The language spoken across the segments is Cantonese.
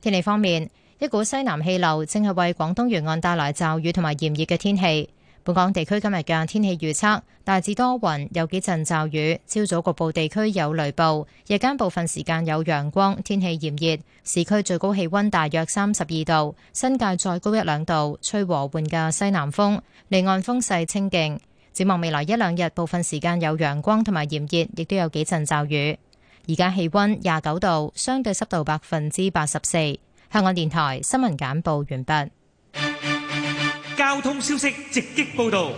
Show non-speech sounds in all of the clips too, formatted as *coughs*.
天氣方面，一股西南氣流正係為廣東沿岸帶來驟雨同埋炎熱嘅天氣。本港地區今日嘅天氣預測大致多雲，有幾陣驟雨，朝早局部地區有雷暴，夜間部分時間有陽光，天氣炎熱。市區最高氣溫大約三十二度，新界再高一兩度，吹和緩嘅西南風，離岸風勢清勁。展望未來一兩日，部分時間有陽光同埋炎熱，亦都有幾陣驟雨。而家氣溫廿九度，相對濕度百分之八十四。香港電台新聞簡報完畢。交通消息直擊報道。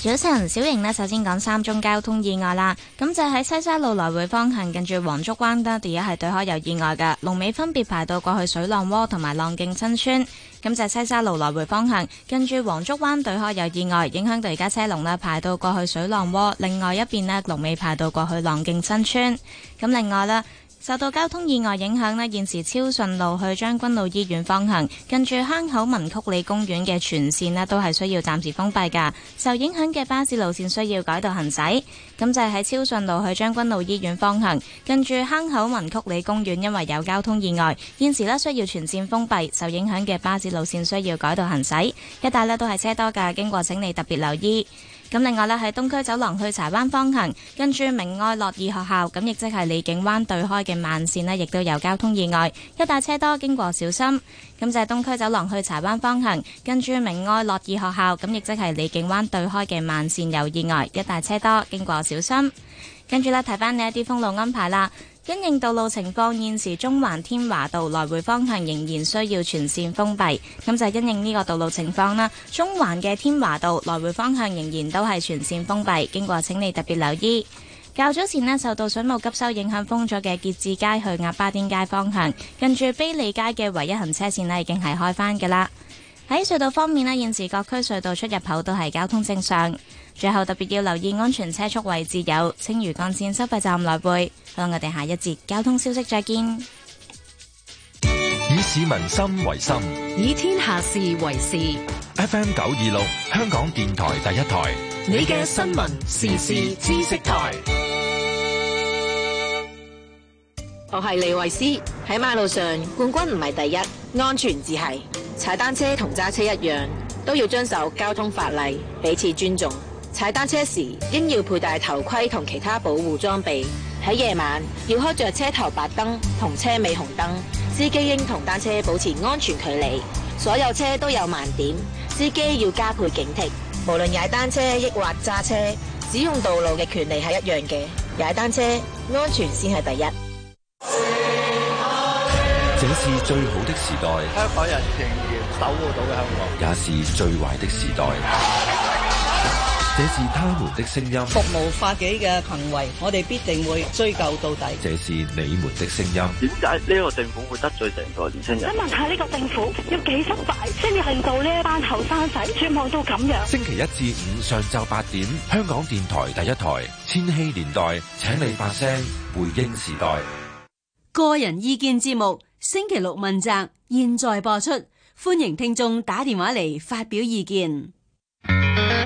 早晨，小瑩呢，首先講三宗交通意外啦。咁就喺西沙路來回方向，近住黃竹灣呢，第一係對開有意外嘅，龍尾分別排到過去水浪窩同埋浪徑新村。咁就喺西沙路來回方向，近住黃竹灣對開有意外，影響到而家車龍呢排到過去水浪窩，另外一邊呢，龍尾排到過去浪徑新村。咁另外咧。受到交通意外影響呢，現時超順路去將軍澳醫院方向，近住坑口文曲里公園嘅全線呢都係需要暫時封閉噶。受影響嘅巴士路線需要改道行駛。咁就係喺超順路去將軍澳醫院方向，近住坑口文曲里公園，因為有交通意外，現時呢需要全線封閉。受影響嘅巴士路線需要改道行駛，一帶呢都係車多噶，經過請你特別留意。咁另外呢，喺東區走廊去柴灣方向，跟住明愛樂意學校，咁亦即係李景灣對開嘅慢線呢，亦都有交通意外，一帶車多，經過小心。咁就係東區走廊去柴灣方向，跟住明愛樂意學校，咁亦即係李景灣對開嘅慢線有意外，一帶車多，經過小心。跟住呢，睇翻你一啲封路安排啦。因應道路情況，現時中環天華道來回方向仍然需要全線封閉，咁就因應呢個道路情況啦。中環嘅天華道來回方向仍然都係全線封閉，經過請你特別留意。較早前咧受到水務急修影響封咗嘅結志街去鴨巴甸街方向，近住卑利街嘅唯一行車線咧已經係開返噶啦。喺隧道方面咧，現時各區隧道出入口都係交通正常。最後特別要留意安全車速位置有青嶼幹線收費站內貝。好，我哋下一節交通消息再見。以市民心為心，以天下事為事。F. M. 九二六，香港電台第一台。你嘅新聞時事知識台。我係李慧思喺馬路上冠軍唔係第一，安全至係踩單車同揸車一樣，都要遵守交通法例，彼此尊重。踩單車時應要佩戴頭盔同其他保護裝備。喺夜晚要開着車頭白燈同車尾紅燈。司機應同單車保持安全距離。所有車都有盲點，司機要加倍警惕。無論踩單車抑或揸車，使用道路嘅權利係一樣嘅。踩單車安全先係第一。這是最好的時代，香港人情願守護到嘅香港，也是最壞的時代。這是他們的聲音。服務法紀嘅行為，我哋必定會追究到底。這是你們的聲音。點解呢個政府會得罪成個年輕人？想問下呢個政府要幾失敗，先至令到呢一班後生仔絕望到咁樣？星期一至五上晝八點，香港電台第一台《千禧年代》，請你發聲回應時代。個人意見節目，星期六問責，現在播出，歡迎聽眾打電話嚟發表意見。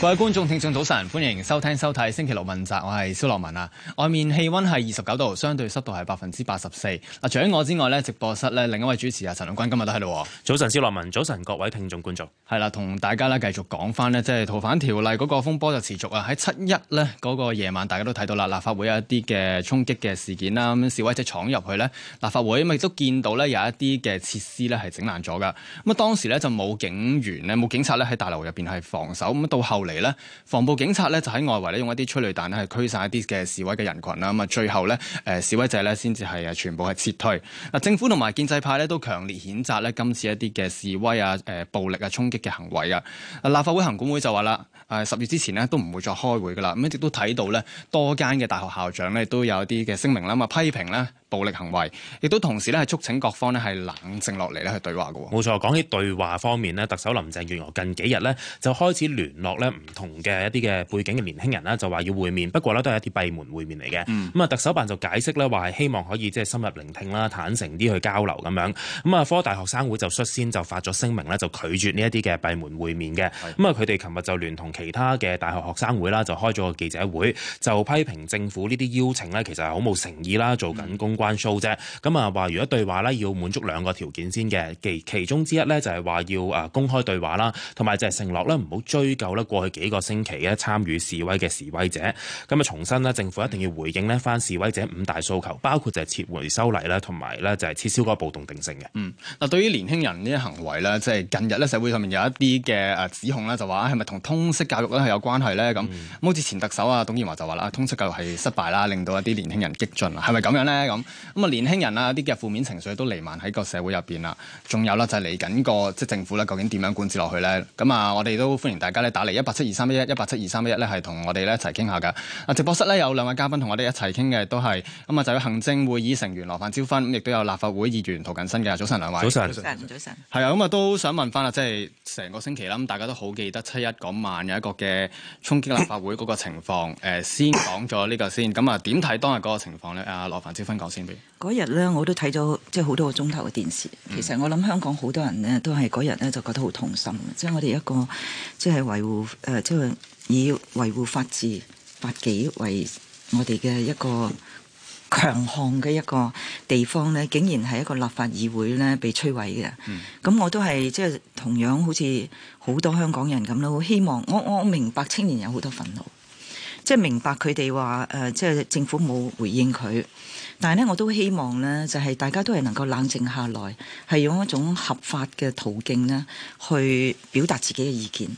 各位觀眾、聽眾早晨，歡迎收聽收睇《星期六問責》，我係蕭洛汶啊。外面氣温係二十九度，相對濕度係百分之八十四。嗱，除咗我之外咧，直播室咧另一位主持啊，陳亮均今日都喺度。早晨，蕭洛汶，早晨各位聽眾觀眾，係啦，同大家咧繼續講翻咧，即係逃犯條例嗰個風波就持續啊。喺七一咧嗰個夜晚，大家都睇到啦，立法會有一啲嘅衝擊嘅事件啦，咁示威者闖入去咧，立法會咪亦都見到咧有一啲嘅設施咧係整爛咗噶。咁啊，當時咧就冇警員咧，冇警察咧喺大樓入邊係防守，咁到後嚟咧，防暴警察咧就喺外圍咧用一啲催淚彈咧，係驅散一啲嘅示威嘅人群啦。咁啊，最後咧，誒示威者咧先至係啊全部係撤退。啊，政府同埋建制派咧都強烈譴責咧今次一啲嘅示威啊、誒暴力啊衝擊嘅行為啊。啊，立法會行管會就話啦，誒十月之前咧都唔會再開會噶啦。咁一直都睇到咧多間嘅大學校長咧都有啲嘅聲明啦。咁啊，批評咧暴力行為，亦都同時咧係促請各方咧係冷靜落嚟咧去對話嘅。冇錯，講起對話方面咧，特首林鄭月娥近幾日呢，就開始聯絡咧唔同嘅一啲嘅背景嘅年輕人啦，就話要會面，不過呢，都係一啲閉門會面嚟嘅。咁啊、嗯，特首辦就解釋呢，話係希望可以即係深入聆聽啦、坦誠啲去交流咁樣。咁啊、嗯，科大學生會就率先就發咗聲明呢，就拒絕呢一啲嘅閉門會面嘅。咁啊、嗯，佢哋琴日就聯同其他嘅大學學生會啦，就開咗個記者會，就批評政府呢啲邀請呢，其實係好冇誠意啦，做緊公關數啫，咁啊話如果對話咧要滿足兩個條件先嘅，其其中之一咧就係話要啊公開對話啦，同埋就係承諾咧唔好追究咧過去幾個星期咧參與示威嘅示威者。咁啊重申咧，政府一定要回應呢翻示威者五大訴求，包括就係撤回修例啦，同埋咧就係撤銷嗰個暴動定性嘅。嗯，嗱對於年輕人呢啲行為咧，即係近日咧社會上面有一啲嘅誒指控咧，就話係咪同通識教育咧係有關係咧？咁好似前特首啊董建華就話啦，通識教育係失敗啦，令到一啲年輕人激進啊，係咪咁樣咧？咁咁啊，年輕人啊，啲嘅負面情緒都瀰漫喺個社會入邊啦。仲有啦，就係嚟緊個即係政府咧，究竟點樣管治落去咧？咁啊，我哋都歡迎大家咧打嚟一八七二三一一一八七二三一一咧，係同我哋一齊傾下噶。啊，直播室咧有兩位嘉賓同我哋一齊傾嘅都係咁啊，就係行政會議成員羅范椒芬，亦都有立法會議員涂謹申嘅。早晨兩位，早晨，早晨，早晨，係啊，咁啊都想問翻啊，即係成個星期啦，咁大家都好記得七一嗰晚有一個嘅衝擊立法會嗰 *coughs* 個,個情況。誒，先講咗呢個先。咁啊，點睇當日嗰個情況咧？啊，羅范椒芬講先。嗰日咧，我都睇咗即係好多個鐘頭嘅電視。其實我諗香港好多人咧都係嗰日咧就覺得好痛心即係、嗯、我哋一個即係、就是、維護誒、即、呃、係、就是、以維護法治、法紀為我哋嘅一個強項嘅一個地方咧，竟然係一個立法議會咧被摧毀嘅。咁、嗯、我都係即係同樣好似好多香港人咁咯，希望我我明白青年有好多憤怒，即、就、係、是、明白佢哋話誒、即、呃、係、就是、政府冇回應佢。但係咧，我都希望咧，就係大家都係能夠冷靜下來，係用一種合法嘅途徑咧，去表達自己嘅意見。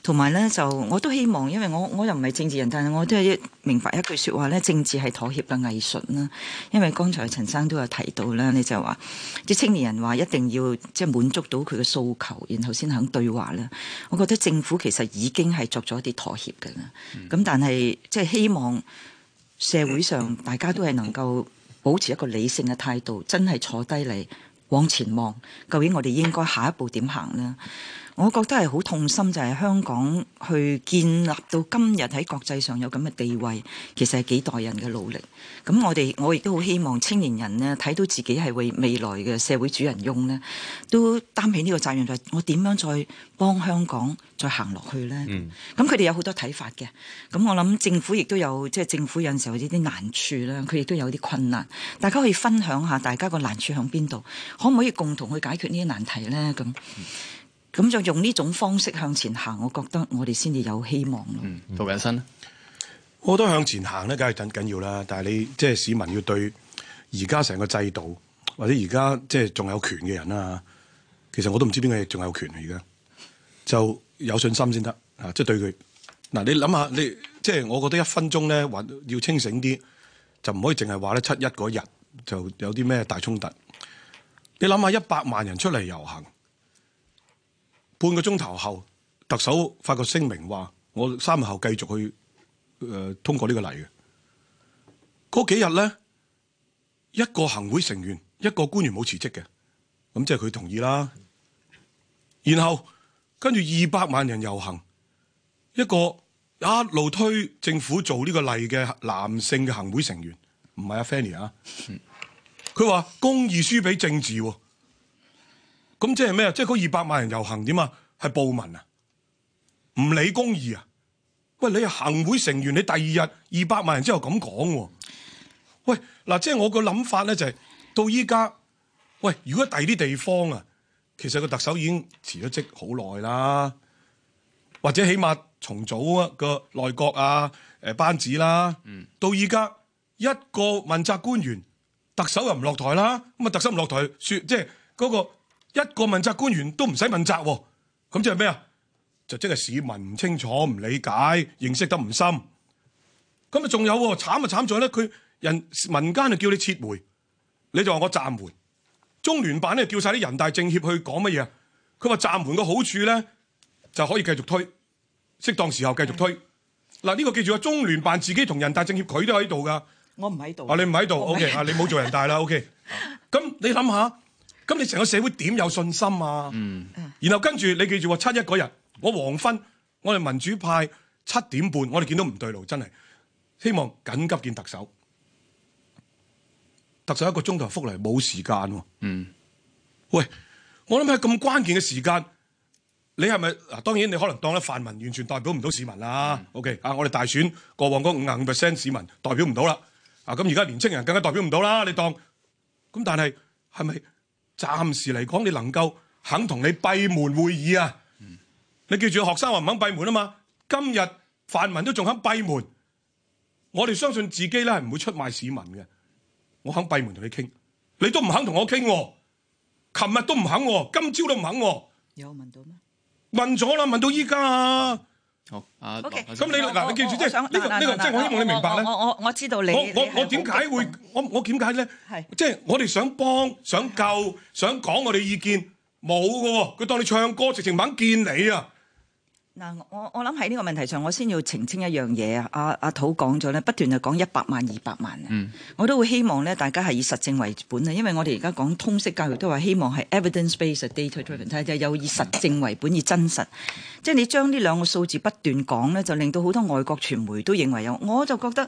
同埋咧，就我都希望，因為我我又唔係政治人，但係我都係明白一句説話咧，政治係妥協嘅藝術啦。因為剛才陳生都有提到啦，你就話啲青年人話一定要即係滿足到佢嘅訴求，然後先肯對話咧。我覺得政府其實已經係作咗一啲妥協嘅啦。咁、嗯、但係即係希望社會上大家都係能夠。保持一個理性嘅態度，真係坐低嚟往前望，究竟我哋應該下一步點行咧？我覺得係好痛心，就係香港去建立到今日喺國際上有咁嘅地位，其實係幾代人嘅努力。咁我哋我亦都好希望青年人呢，睇到自己係為未來嘅社會主人翁咧，都擔起呢個責任，就係我點樣再幫香港再行落去咧。咁佢哋有好多睇法嘅。咁我諗政府亦都有，即係政府有時候有啲難處啦，佢亦都有啲困難。大家可以分享下大家個難處響邊度，可唔可以共同去解決呢啲難題咧？咁。咁就用呢種方式向前行，我覺得我哋先至有希望咯。涂謹申咧，嗯、我覺得向前行咧，梗係緊緊要啦。但係你即係、就是、市民要對而家成個制度，或者而家即係仲有權嘅人啦。其實我都唔知邊個仲有權而家就有信心先得啊！即、就、係、是、對佢嗱，你諗下，你即係、就是、我覺得一分鐘咧，要清醒啲，就唔可以淨係話咧七一嗰日就有啲咩大衝突。你諗下一百萬人出嚟遊行。半個鐘頭後，特首發個聲明話：我三日後繼續去誒、呃、通過呢個例嘅。嗰幾日咧，一個行會成員、一個官員冇辭職嘅，咁即係佢同意啦。然後跟住二百萬人遊行，一個一路、啊、推政府做呢個例嘅男性嘅行會成員，唔係阿 Fanny 啊？佢話、啊嗯、公義輸俾政治、喎，咁即係咩？即係嗰二百萬人遊行點啊？係暴民啊！唔理公義啊！喂，你係行會成員，你第二日二百萬人之後咁講喎？喂，嗱、就是，即係我個諗法咧，就係到依家，喂，如果第二啲地方啊，其實個特首已經辭咗職好耐啦，或者起碼重組個內閣啊，誒、呃、班子啦，嗯、到依家一個問責官員，特首又唔落台啦，咁啊特首唔落台，說即係嗰個一個問責官員都唔使問責喎、啊。咁即係咩啊？就即、是、係市民唔清楚、唔理解、認識得唔深。咁啊，仲有喎，慘啊，慘咗咧，佢人民間就叫你撤回，你就話我暫緩。中聯辦咧叫晒啲人大政協去講乜嘢啊？佢話暫緩個好處咧，就可以繼續推，適當時候繼續推。嗱，呢 *noise* 個記住啊，中聯辦自己同人大政協佢都喺度噶。我唔喺度。啊，你唔喺度，OK 啊，你冇做人大啦，OK。咁你諗下？咁你成個社會點有信心啊？Mm. 然後跟住你記住，話七一嗰日，我黃昏，我哋民主派七點半，我哋見到唔對路，真係希望緊急見特首。特首一個鐘頭覆嚟冇時間，啊。嗯，mm. 喂，我諗喺咁關鍵嘅時間，你係咪？嗱，當然你可能當咧泛民完全代表唔到市民啦。Mm. OK，啊，我哋大選過往嗰五十五 percent 市民代表唔到啦。啊，咁而家年青人更加代表唔到啦。你當咁，但係係咪？是暫時嚟講，你能夠肯同你閉門會議啊？嗯、你記住，學生話唔肯閉門啊嘛。今日泛民都仲肯閉門，我哋相信自己咧係唔會出賣市民嘅。我肯閉門同你傾，你都唔肯同我傾。琴日都唔肯，今朝都唔肯。有問到咩？問咗啦，問到依家。嗯好，啊，OK，咁你嗱，你記住即係呢個呢個，即係我希望你明白咧。我我我知道你，我我我點解會，我我點解咧？即係我哋想幫、想救、想講我哋意見，冇噶，佢當你唱歌，直情猛見你啊！嗱，我我諗喺呢個問題上，我先要澄清一樣嘢啊！阿、啊、阿土講咗咧，不斷就講一百萬、二百萬，mm. 我都會希望咧，大家係以實證為本啊！因為我哋而家講通識教育都話希望係 evidence-based data-driven，就係有以實證為本、以真實。即係你將呢兩個數字不斷講咧，就令到好多外國傳媒都認為有。我就覺得，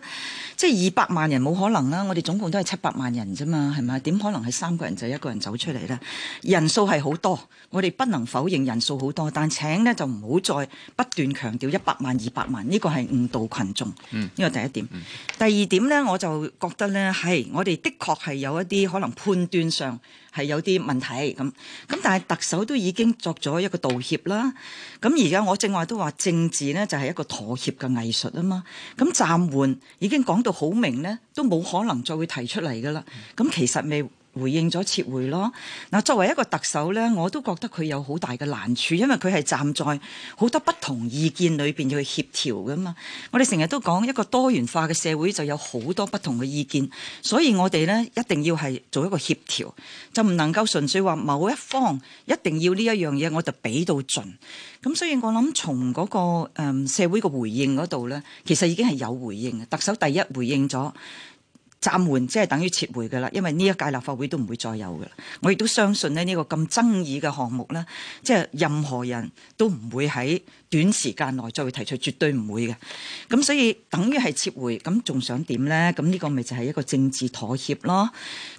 即係二百萬人冇可能啦！我哋總共都係七百萬人啫嘛，係咪？點可能係三個人就一個人走出嚟咧？人數係好多，我哋不能否認人數好多，但請咧就唔好再。不斷強調一百萬二百萬，呢個係誤導群眾。呢個、嗯、第一點。嗯、第二點呢，我就覺得呢係我哋的確係有一啲可能判斷上係有啲問題咁。咁但係特首都已經作咗一個道歉啦。咁而家我正話都話政治呢就係一個妥協嘅藝術啊嘛。咁暫緩已經講到好明呢，都冇可能再會提出嚟噶啦。咁、嗯、其實未。回應咗撤回咯。嗱，作為一個特首咧，我都覺得佢有好大嘅難處，因為佢係站在好多不同意見裏邊去協調噶嘛。我哋成日都講一個多元化嘅社會就有好多不同嘅意見，所以我哋咧一定要係做一個協調，就唔能夠純粹話某一方一定要呢一樣嘢，我就俾到盡。咁所以我諗從嗰個誒社會嘅回應嗰度咧，其實已經係有回應嘅。特首第一回應咗。暫緩即係等於撤回嘅啦，因為呢一屆立法會都唔會再有嘅啦。我亦都相信咧，呢個咁爭議嘅項目咧，即係任何人都唔會喺短時間內再會提出，絕對唔會嘅。咁所以等於係撤回，咁仲想點咧？咁呢個咪就係一個政治妥協咯。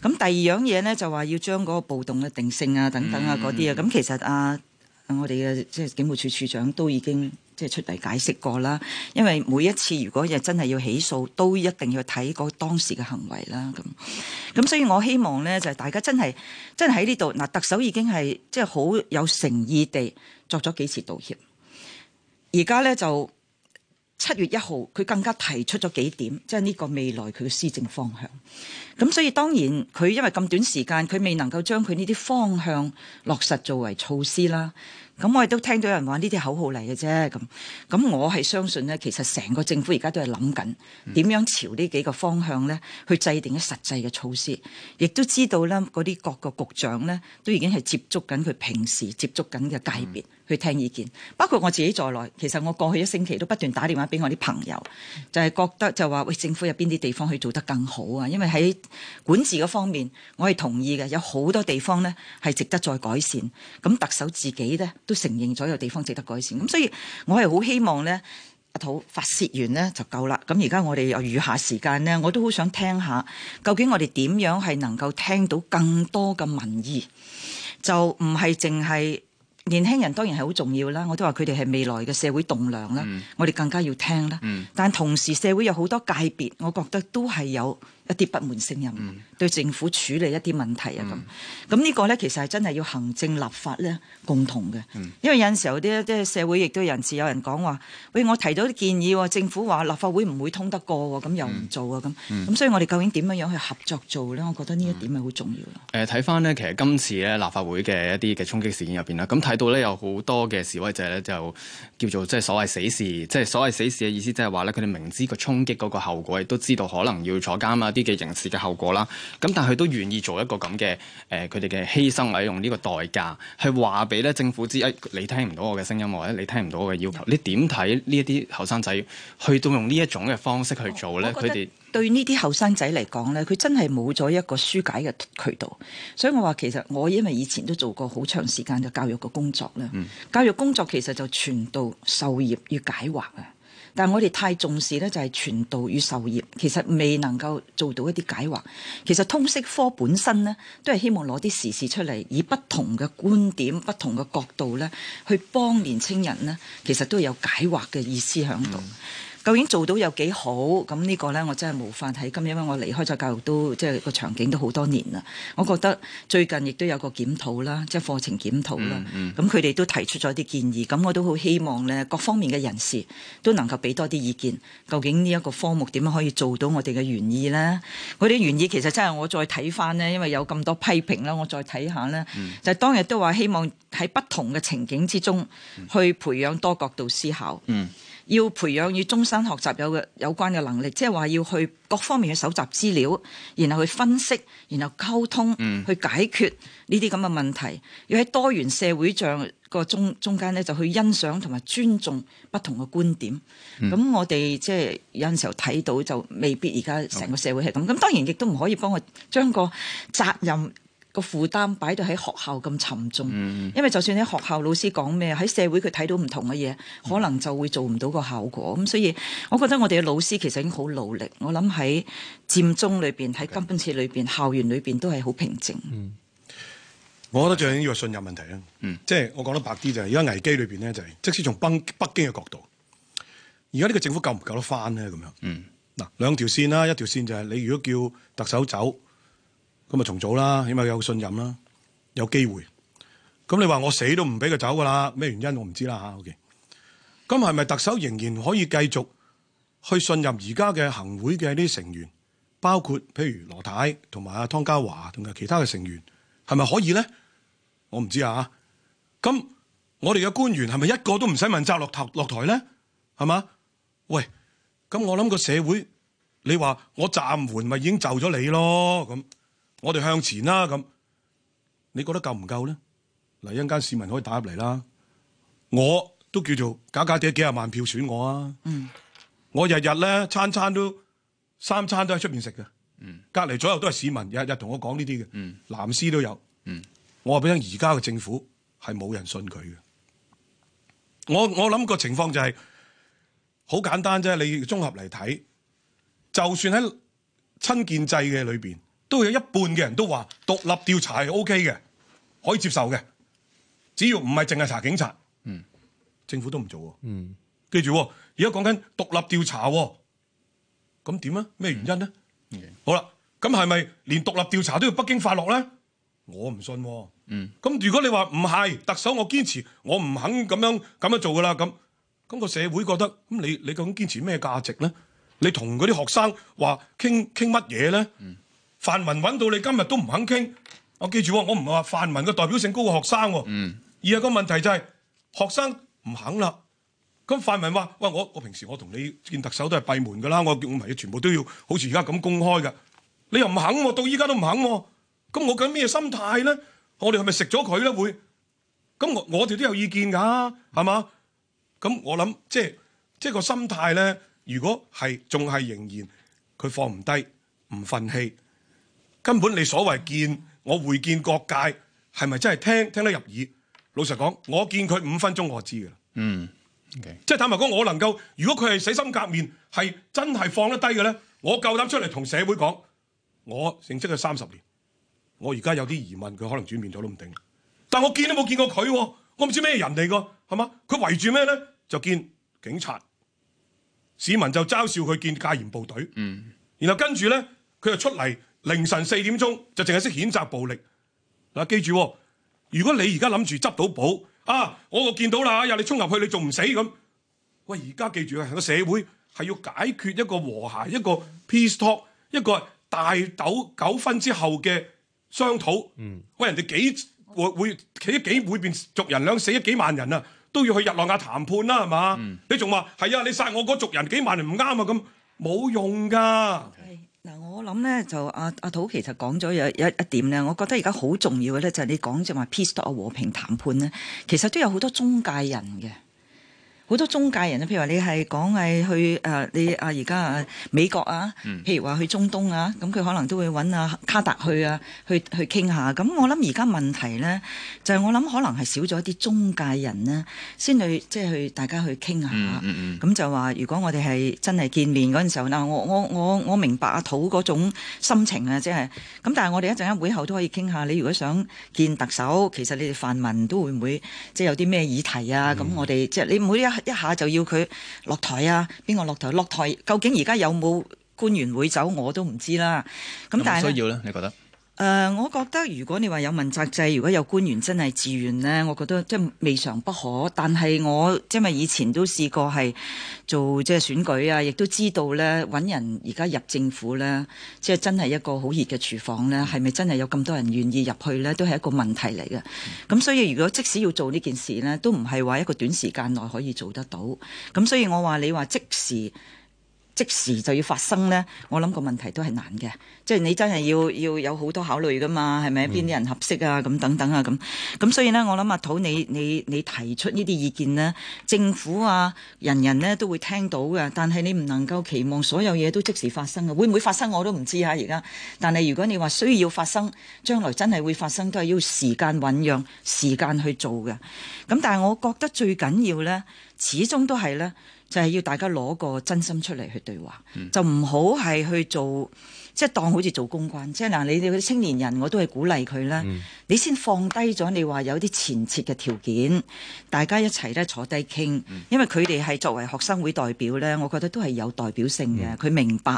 咁第二樣嘢咧，就話要將嗰個暴動嘅定性啊，等等啊嗰啲啊。咁、嗯、其實啊，我哋嘅即係警務處處長都已經。即係出嚟解釋過啦，因為每一次如果又真係要起訴，都一定要睇嗰當時嘅行為啦。咁咁，所以我希望咧就大家真係真係喺呢度嗱，特首已經係即係好有誠意地作咗幾次道歉。而家咧就七月一號，佢更加提出咗幾點，即係呢個未來佢嘅施政方向。咁所以當然佢因為咁短時間，佢未能夠將佢呢啲方向落實作為措施啦。咁我亦都聽到有人話呢啲口號嚟嘅啫，咁咁我係相信呢，其實成個政府而家都係諗緊點樣朝呢幾個方向呢去制定啲實際嘅措施，亦都知道啦，嗰啲各個局長呢都已經係接觸緊佢平時接觸緊嘅界別去聽意見。包括我自己在內，其實我過去一星期都不斷打電話俾我啲朋友，就係覺得就話喂，政府有邊啲地方可以做得更好啊？因為喺管治嘅方面，我係同意嘅，有好多地方呢係值得再改善。咁特首自己呢，都承認咗有地方值得改善，咁所以我係好希望咧，阿土發泄完咧就夠啦。咁而家我哋有餘下時間咧，我都好想聽下，究竟我哋點樣係能夠聽到更多嘅民意？就唔係淨係年輕人，當然係好重要啦。我都話佢哋係未來嘅社會棟梁啦，mm. 我哋更加要聽啦。Mm. 但同時社會有好多界別，我覺得都係有，一啲不滿聲音，嗯、對政府處理一啲問題啊咁，咁、嗯、呢個咧其實係真係要行政立法咧共同嘅，嗯、因為有陣時候啲即係社會亦都人士有人講話，喂，我提到啲建議，政府話立法會唔會通得過喎，咁又唔做啊咁，咁、嗯、所以我哋究竟點樣樣去合作做咧？我覺得呢一點係好重要咯。誒、嗯，睇返咧，其實今次咧立法會嘅一啲嘅衝擊事件入邊啦，咁睇到咧有好多嘅示威者咧就叫做即係所謂死事，即係所謂死事嘅意思，即係話咧佢哋明知個衝擊嗰個後果，亦都知道可能要坐監啊。啲嘅刑事嘅後果啦，咁但係，佢都願意做一個咁嘅，誒、佢哋嘅犧牲利用呢個代價去話俾咧政府知一，哎，你聽唔到我嘅聲音或者你聽唔到我嘅要求，嗯、你點睇呢一啲後生仔去到用呢一種嘅方式去做咧？佢哋，哦、對呢啲後生仔嚟講咧，佢真係冇咗一個紓解嘅渠道，所以我話，其實我因為以前都做過好長時間嘅教育嘅工作啦，嗯、教育工作其實就傳道授業與解惑啊。但我哋太重視咧，就係傳道與授業，其實未能夠做到一啲解惑。其實通識科本身咧，都係希望攞啲時事出嚟，以不同嘅觀點、不同嘅角度咧，去幫年青人咧，其實都有解惑嘅意思喺度。嗯究竟做到有幾好？咁、這、呢個咧，我真係冇法睇，咁因為我離開咗教育都即係個場景都好多年啦。我覺得最近亦都有個檢討啦，即係課程檢討啦。咁佢哋都提出咗啲建議。咁我都好希望咧，各方面嘅人士都能夠俾多啲意見。究竟呢一個科目點樣可以做到我哋嘅原意咧？嗰啲原意其實真係我再睇返咧，因為有咁多批評啦，我再睇下咧。Mm hmm. 就當日都話希望喺不同嘅情景之中去培養多角度思考。Mm hmm. 要培養與終身學習有嘅有關嘅能力，即係話要去各方面嘅搜集資料，然後去分析，然後溝通，去解決呢啲咁嘅問題。嗯、要喺多元社會象個中中間咧，就去欣賞同埋尊重不同嘅觀點。咁、嗯、我哋即係有陣時候睇到就未必而家成個社會係咁。咁、嗯、當然亦都唔可以幫我將個責任。個負擔擺到喺學校咁沉重，因為就算喺學校老師講咩，喺社會佢睇到唔同嘅嘢，可能就會做唔到個效果。咁、嗯、所以，我覺得我哋嘅老師其實已經好努力。我諗喺佔中裏邊、喺金本節裏邊、Okay. 校園裏邊都係好平靜。 *noise* 我覺得最緊要係信任問題啊！ *noise* 即係我講得白啲就係、是，而家危機裏邊咧就係、是，即使從北北京嘅角度，而家呢個政府夠唔夠得翻呢？咁樣？嗱，兩條線啦、啊，一條線就係你如果叫特首走。咁啊，重組啦，起碼有信任啦，有機會。咁你話我死都唔俾佢走噶啦，咩原因我唔知啦吓。O K，咁係咪特首仍然可以繼續去信任而家嘅行會嘅啲成員，包括譬如羅太同埋阿湯家驊同埋其他嘅成員，係咪可以咧？我唔知啊。咁我哋嘅官員係咪一個都唔使問責落台落台咧？係嘛？喂，咁我諗個社會，你話我暫緩咪已經就咗你咯？咁。我哋向前啦，咁你覺得夠唔夠咧？嗱，一陣間市民可以打入嚟啦。我都叫做假假哋，幾廿萬票選我啊。嗯，我日日咧餐餐都三餐都喺出邊食嘅。嗯，隔籬左右都係市民，日日同我講呢啲嘅。嗯，藍絲都有。嗯，我話俾你聽，而家嘅政府係冇人信佢嘅。我我諗個情況就係、是、好簡單啫，你綜合嚟睇，就算喺親建制嘅裏邊，都有一半嘅人都話獨立調查係 O K 嘅，可以接受嘅，只要唔係淨係查警察，嗯，政府都唔做，嗯，記住，而家講緊獨立調查，咁點啊？咩原因咧？好啦，咁係咪連獨立調查都要北京發落咧？我唔信，嗯，咁如果你話唔係特首，我堅持我唔肯咁樣咁樣做噶啦，咁咁個社會覺得咁你你究竟堅持咩價值咧？你同嗰啲學生話傾傾乜嘢咧？泛民揾到你今日都唔肯傾，我記住我唔係話泛民嘅代表性高過學生，嗯、而係個問題就係、是、學生唔肯啦。咁泛民話，喂，我我平時我同你見特首都係閉門嘅啦，我叫唔係全部都要好似而家咁公開嘅，你又唔肯，到依家都唔肯，咁我究竟咩心態咧？我哋係咪食咗佢咧？會，咁我我哋都有意見㗎，係嘛？咁、嗯、我諗即係即係個心態咧，如果係仲係仍然佢放唔低，唔憤氣。根本你所謂見我會見各界係咪真係聽聽得入耳？老實講，我見佢五分鐘我就知㗎喇。嗯，okay. 即係坦白講，我能夠如果佢係死心革面，係真係放得低嘅咧，我夠膽出嚟同社會講，我認識佢三十年。我而家有啲疑問，佢可能轉變咗都唔定。但我見都冇見過佢，哦，我唔知咩人嚟㗎，係嘛？佢圍住咩咧？就見警察、市民就嘲笑佢見戒嚴部隊。嗯，然後跟住咧，佢就出嚟。凌晨四點鐘就淨係識譴責暴力嗱，啊，記住，如果你而家諗住執到寶啊，我就見到啦，又你衝入去你仲唔死咁？喂，而家記住啊，個社會係要解決一個和諧，一個 peace talk，一個大鬥糾紛之後嘅商討。喂，嗯，人哋幾會會幾幾會邊族人兩死咗幾萬人啊，都要去日內亞談判啦，係嘛？嗯，你仲話係啊？你殺我嗰族人幾萬人唔啱啊？咁冇用噶。Okay. 我諗咧就阿阿涂其實講咗有一一,一點咧，我覺得而家好重要嘅咧就係、是、你講就係話 peace talk 和平談判咧，其實都有好多中介人嘅。好多中介人啊，譬如話你係講係去誒、啊，你啊而家美國啊，譬如話去中東啊，咁佢可能都會揾啊卡達去啊，去去傾下。咁我諗而家問題咧，就係、是、我諗可能係少咗啲中介人咧，先去即係去大家去傾下。咁、嗯嗯嗯、就話如果我哋係真係見面嗰陣時候，嗱我我我我明白阿涂嗰種心情啊，即係咁。但係我哋一陣間會後都可以傾下。你如果想見特首，其實你哋泛民都會唔會即係有啲咩議題啊？咁、嗯、我哋即係你每一會一下就要佢落台啊！邊個落台？落台究竟而家有冇官員會走？我都唔知啦。咁但係，需要呢，你覺得？誒，uh, 我覺得如果你話有問責制，如果有官員真係自願呢，我覺得即係未嘗不可。但係我即係咪以前都試過係做即係選舉啊，亦都知道呢，揾人而家入政府呢，即係真係一個好熱嘅廚房呢，係咪真係有咁多人願意入去呢？都係一個問題嚟嘅。咁、嗯、所以如果即使要做呢件事呢，都唔係話一個短時間內可以做得到。咁所以我話你話即時。即時就要發生呢，我諗個問題都係難嘅，即係你真係要要有好多考慮噶嘛，係咪？邊啲人合適啊？咁等等啊，咁咁，所以呢，我諗阿涂，你你你提出呢啲意見呢，政府啊，人人呢都會聽到嘅，但係你唔能夠期望所有嘢都即時發生嘅，會唔會發生我都唔知嚇、啊。而家，但係如果你話需要發生，將來真係會發生，都係要時間醖釀、時間去做嘅。咁但係我覺得最緊要呢，始終都係呢。就係要大家攞個真心出嚟去對話，嗯、就唔好係去做，即、就、係、係、當好似做公關。即係嗱，你哋嗰啲青年人，我都係鼓勵佢啦。嗯、你先放低咗，你話有啲前設嘅條件，大家一齊咧坐低傾，嗯、因為佢哋係作為學生會代表咧，我覺得都係有代表性嘅。佢、嗯、明白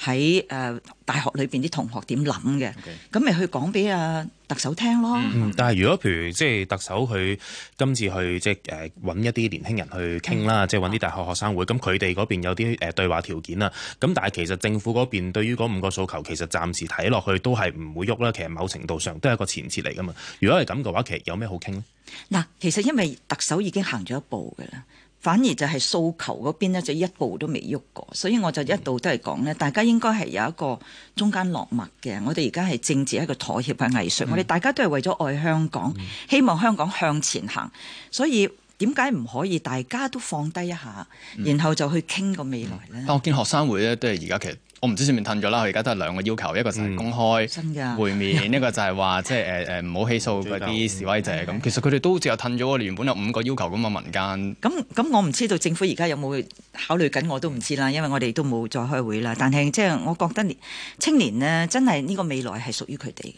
喺誒。呃大學裏邊啲同學點諗嘅，咁咪 Okay. 去講俾阿特首聽咯。嗯、但係如果譬如即係特首佢今次去即係誒揾一啲年輕人去傾啦，嗯、即係揾啲大學、啊、學生會，咁佢哋嗰邊有啲誒、呃、對話條件啦。咁但係其實政府嗰邊對於嗰五個訴求，其實暫時睇落去都係唔會喐啦。其實某程度上都係一個前設嚟噶嘛。如果係咁嘅話，其實有咩好傾呢？嗱，其實因為特首已經行咗一步噶啦。反而就係訴求嗰邊咧，就一步都未喐過，所以我就一度都係講咧，大家應該係有一個中間落墨嘅。我哋而家係政治一個妥協嘅藝術，我哋大家都係為咗愛香港，希望香港向前行，所以點解唔可以大家都放低一下，然後就去傾個未來咧？嗯，但我見學生會咧，都係而家其實。我唔知算唔算褪咗啦，佢而家都係兩個要求，一個就係公開會面，嗯、新一個就係話即係誒誒唔好起訴嗰啲示威者咁。嗯、其實佢哋都只有褪咗，原本有五個要求咁嘅民間。咁咁，我唔知道政府而家有冇考慮緊，我都唔知啦，因為我哋都冇再開會啦。但係即係我覺得年青年呢真係呢個未來係屬於佢哋嘅。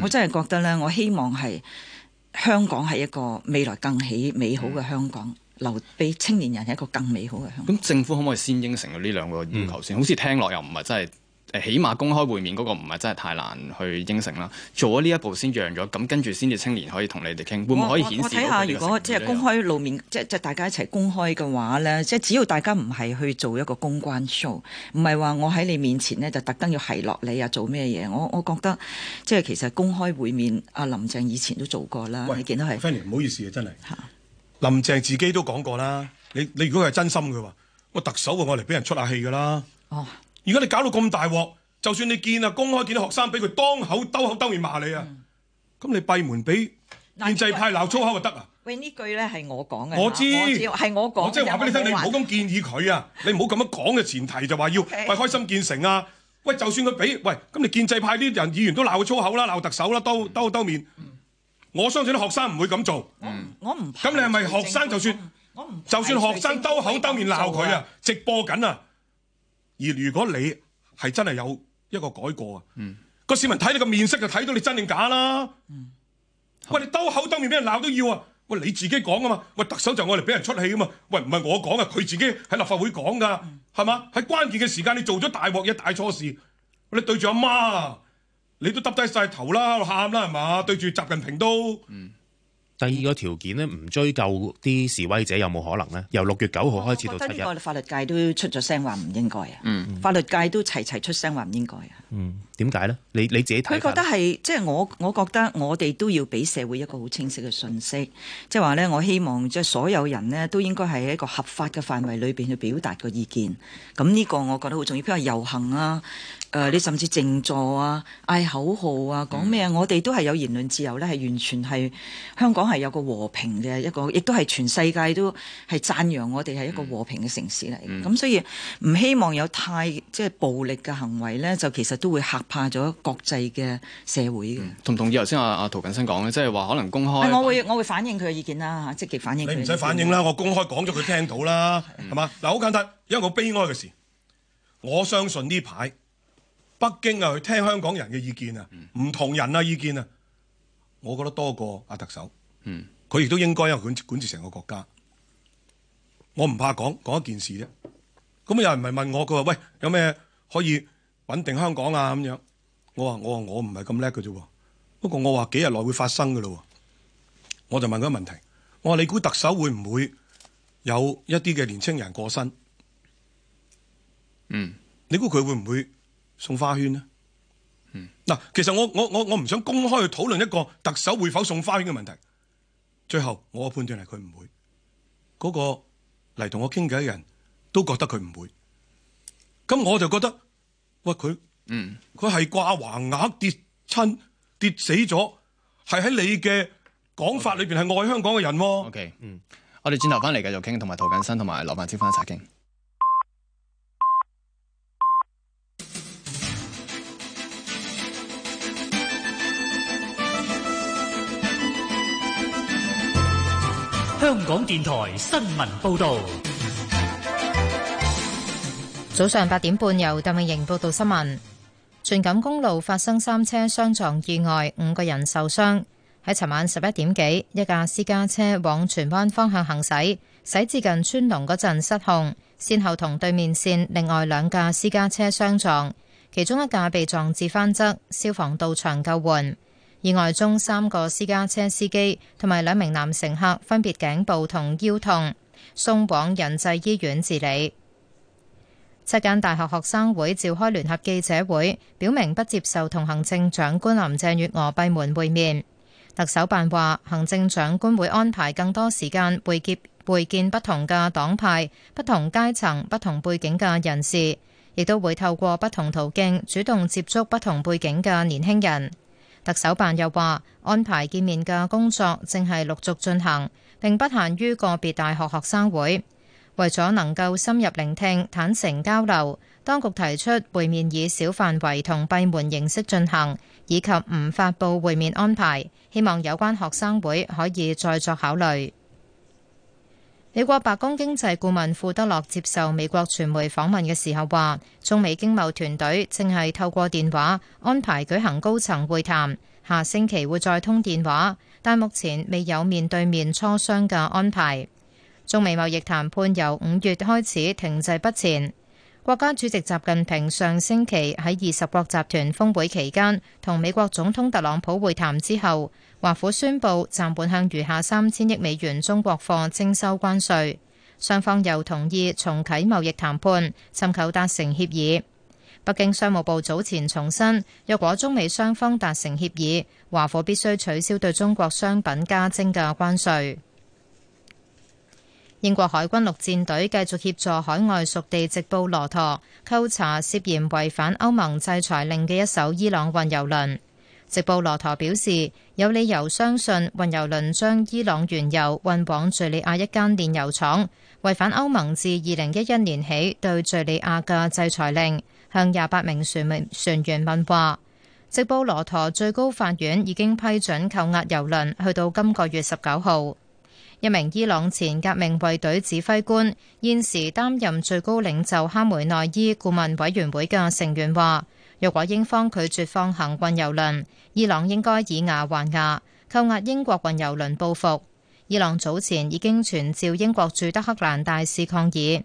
我真係覺得咧，我希望係香港係一個未來更起美好嘅香港。嗯嗯留俾青年人一個更美好嘅香港。咁政府可唔可以先應承到呢兩個要求先？嗯、好似聽落又唔係真係，起碼公開會面嗰個唔係真係太難去應承啦。做咗呢一步先讓咗，咁跟住先至青年可以同你哋傾。會唔會可以顯示我？我睇下，如果，如果即係公開露面，話即即大家一齊公開嘅話呢，即是只要大家唔係去做一個公關 show，唔係話我喺你面前呢就特登要奚落你啊做咩嘢？我我覺得即係其實公開會面，阿林鄭以前都做過啦。喂你見到係。Fanny，唔好意思啊，真係。 *laughs* 林鄭自己都講過啦，你你如果係真心嘅話，我特首我嚟俾人出下氣噶啦。哦，如果你搞到咁大鑊，就算你見啊，公開見到學生俾佢當口兜口兜面罵你啊，咁、嗯、你閉門俾建制派鬧粗口就得啊？哎？喂，句呢句咧係我講嘅。我知，係我，我，我講。我即係話俾你聽，你唔好咁建議佢啊，嗯、你唔好咁樣講嘅 *laughs* 前提就話要為開心見誠啊。喂，就算佢俾，喂，咁你建制派啲人議員都鬧粗口啦，鬧特首啦，兜兜兜面。嗯嗯我相信啲學生唔會咁做。我唔、嗯，我唔怕。咁你係咪學生就算？我唔。我就算學生兜口兜面鬧佢啊，直播緊啊。而如果你係真係有一個改過啊，個、嗯、市民睇你個面色就睇到你真定假啦、啊。嗯、喂，你兜口兜面俾人鬧都要啊？喂，你自己講啊嘛。喂，特首就愛嚟俾人出氣啊嘛。喂，唔係我講啊，佢自己喺立法會講噶，係嘛、嗯？喺關鍵嘅時間你做咗大鑊一大錯事，你對住阿媽啊！你都耷低晒頭啦，喊啦，係嘛？對住習近平都。嗯、第二個條件咧，唔追究啲示威者有冇可能咧？由六月九號開始到七日。我覺得法律界都出咗聲話唔應該啊。嗯。法律界都齊齊出聲話唔應該啊。嗯。點解咧？你你自己睇。佢覺得係即係我，我覺得我哋都要俾社會一個好清晰嘅信息，即係話咧，我希望即係所有人呢，都應該喺一個合法嘅範圍裏邊去表達個意見。咁呢個我覺得好重要，譬如遊行啊，誒、呃，你甚至靜坐啊、嗌口號啊、講咩啊，嗯、我哋都係有言論自由咧，係完全係香港係有個和平嘅一個，亦都係全世界都係讚揚我哋係一個和平嘅城市嚟嘅。咁、嗯嗯、所以唔希望有太即係、就是、暴力嘅行為咧，就其實都會嚇怕咗國際嘅社會嘅、嗯，同唔同意、啊？頭先阿阿涂謹申講咧，即係話可能公開。哎、我會我會反映佢嘅意見啦嚇，積極反映。你唔使反映啦，我公開講咗佢聽到啦，係嘛？ *laughs* 嗱、嗯，好、嗯、簡單，因為我悲哀嘅事，我相信呢排北京啊佢聽香港人嘅意見啊，唔、嗯、同人啊意見啊，我覺得多過阿特首。嗯，佢亦都應該有管管治成個國家。我唔怕講講一件事啫。咁有人咪問我，佢話喂，有咩可以？穩定香港啊，咁樣，我話我話我唔係咁叻嘅啫。不過我話幾日內會發生嘅咯，我就問佢個問題。我話你估特首會唔會有一啲嘅年青人過身？嗯，你估佢會唔會送花圈呢？嗯，嗱，其實我我我我唔想公開去討論一個特首會否送花圈嘅問題。最後我嘅判斷係佢唔會，嗰個嚟同我傾偈嘅人都覺得佢唔會，咁我就覺得。喂，佢，嗯，佢係掛橫額跌親跌死咗，係喺你嘅講法裏邊係愛香港嘅人。O Okay. K，Okay. 嗯，我哋轉頭翻嚟繼續傾，同埋涂謹申同埋羅范椒芬翻一齊傾。香港電台新聞報道。早上八點半，由鄧永盈報道新聞。荃錦公路發生三車相撞意外，五個人受傷。喺尋晚十一點幾，一架私家車往荃灣方向行駛，駛至近川龍嗰陣失控，先後同對面線另外兩架私家車相撞，其中一架被撞至翻側，消防到場救援。意外中，三個私家車司機同埋兩名男乘客分別頸部同腰痛，送往仁濟醫院治理。七間大學學生會召開聯合記者會，表明不接受同行政長官林鄭月娥閉門會面。特首辦話，行政長官會安排更多時間會見不同嘅黨派、不同階層、不同背景嘅人士，亦都會透過不同途徑主動接觸不同背景嘅年輕人。特首辦又話，安排見面嘅工作正係陸續進行，並不限於個別大學學生會。為咗能夠深入聆聽、坦誠交流，當局提出會面以小範圍同閉門形式進行，以及唔發佈會面安排，希望有關學生會可以再作考慮。美國白宮經濟顧問庫德洛接受美國傳媒訪問嘅時候話，中美經貿團隊正係透過電話安排舉行高層會談，下星期會再通電話，但目前未有面對面磋商嘅安排。中美貿易談判由五月開始停滯不前。國家主席習近平上星期喺二十國集團峰會期間同美國總統特朗普會談之後，華府宣布暫緩向餘下三千億美元中國貨徵收關稅。雙方又同意重啟貿易談判，尋求達成協議。北京商務部早前重申，若果中美雙方達成協議，華府必須取消對中國商品加徵嘅關稅。英國海軍陸戰隊繼續協助海外屬地直布羅陀扣查涉嫌違反歐盟制裁令嘅一艘伊朗運油輪。直布羅陀表示有理由相信運油輪將伊朗原油運往敘利亞一間煉油廠，違反歐盟自二零一一年起對敘利亞嘅制裁令。向廿八名船船員問話。直布羅陀最高法院已經批准扣押油輪去到今個月十九號。一名伊朗前革命衛隊指揮官，現時擔任最高領袖哈梅內伊顧問委員會嘅成員話，若果英方拒絕放行運油輪，伊朗應該以牙還牙，扣押英國運油輪報復。伊朗早前已經傳召英國駐德黑蘭大使抗議。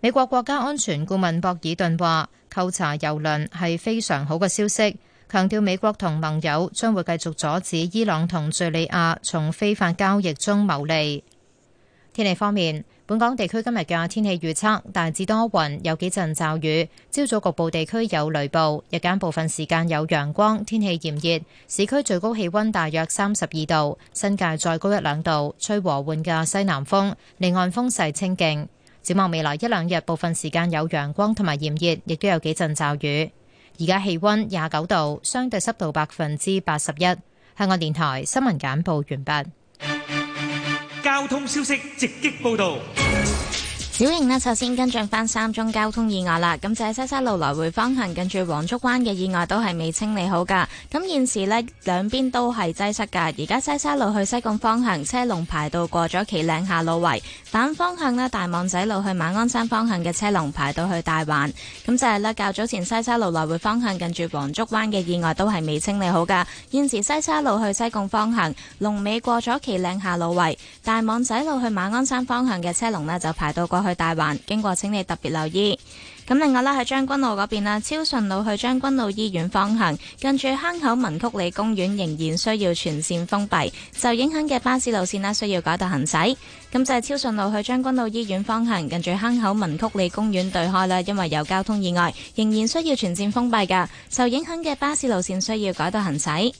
美國國家安全顧問博爾頓話，扣查油輪係非常好嘅消息。強調美國同盟友將會繼續阻止伊朗同敘利亞從非法交易中牟利。天氣方面，本港地區今日嘅天氣預測大致多雲，有幾陣驟雨，朝早局部地區有雷暴，日間部分時間有陽光，天氣炎熱，市區最高氣溫大約三十二度，新界再高一兩度，吹和緩嘅西南風，離岸風勢清勁。展望未來一兩日，部分時間有陽光同埋炎熱，亦都有幾陣驟雨。而家氣溫廿九度，相對濕度百分之八十一。香港電台新聞簡報完畢。交通消息直擊報道。小型呢，首先跟進翻三宗交通意外啦。咁就係西沙路來回方向，近住黃竹灣嘅意外都係未清理好噶。咁現時呢，兩邊都係擠塞噶。而家西沙路去西貢方向，車龍排到過咗旗嶺下路圍；反方向呢，大網仔路去馬鞍山方向嘅車龍排到去大環。咁就係呢，較早前西沙路來回方向，近住黃竹灣嘅意外都係未清理好噶。現時西沙路去西貢方向，龍尾過咗旗嶺下路圍；大網仔路去馬鞍山方向嘅車龍呢，就排到過去大環經過，請你特別留意。咁另外啦，喺將軍澳嗰邊啦，超順路去將軍澳醫院方向，近住坑口文曲里公園仍然需要全線封閉，受影響嘅巴士路線呢，需要改道行駛。咁就係超順路去將軍澳醫院方向，近住坑口文曲里公園對開啦，因為有交通意外，仍然需要全線封閉嘅，受影響嘅巴士路線需要改道行駛。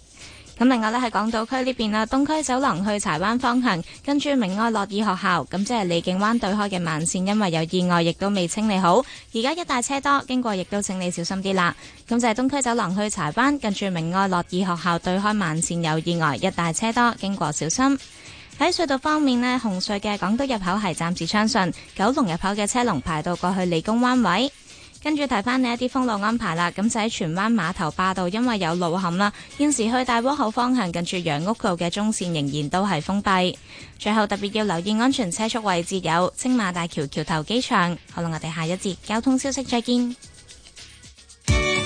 咁另外咧，喺港島區呢邊啊，東區走廊去柴灣方向，跟住明愛樂義學校，咁即係李景灣對開嘅慢線，因為有意外，亦都未清理好。而家一帶車多，經過亦都請你小心啲啦。咁就係東區走廊去柴灣，跟住明愛樂義學校對開慢線有意外，一帶車多，經過小心。喺隧道方面咧，紅隧嘅港島入口係暫時暢順，九龍入口嘅車龍排到過去理工灣位。跟住提翻你一啲封路安排啦，咁就喺荃灣碼頭霸道，因為有路陷啦。現時去大窩口方向近住楊屋道嘅中線仍然都係封閉。最後特別要留意安全車速位置有青馬大橋橋頭機場。好啦，我哋下一節交通消息再見。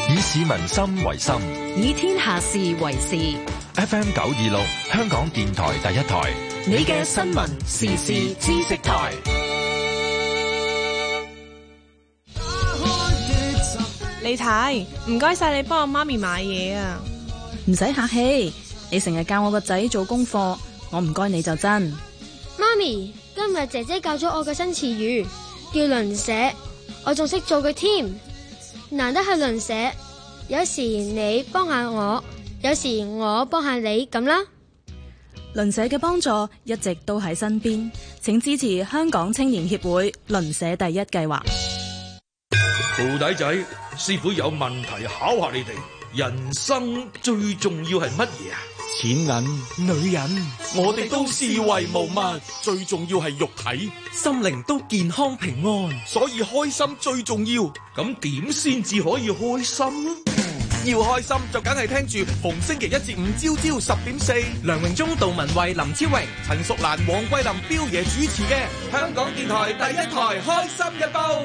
以市民心為心，以天下事為事。F M 九二六，香港電台第一台，你嘅新聞時事知識台。你睇，唔該晒你幫我媽咪買嘢啊！唔使客氣，你成日教我個仔做功課，我唔該你就真。媽咪，今日姐姐教咗我個新詞語，叫鄰舍。我仲識做嘅添。難得係鄰舍。有時你幫下我，有時我幫下你咁啦。鄰舍嘅幫助一直都喺身邊，請支持香港青年協會鄰舍第一計劃。徒弟仔。師傅有問題考下你哋，人生最重要係乜嘢啊？錢銀人、女人，我哋都視為無物，無最重要係肉體，心靈都健康平安，所以開心最重要。咁點先至可以開心？嗯、要開心就梗係聽住逢星期一至五朝朝十點四，梁榮忠、杜文慧、林超榮、陳淑蘭、黃桂林、彪爺主持嘅香港電台第一台《開心日報》。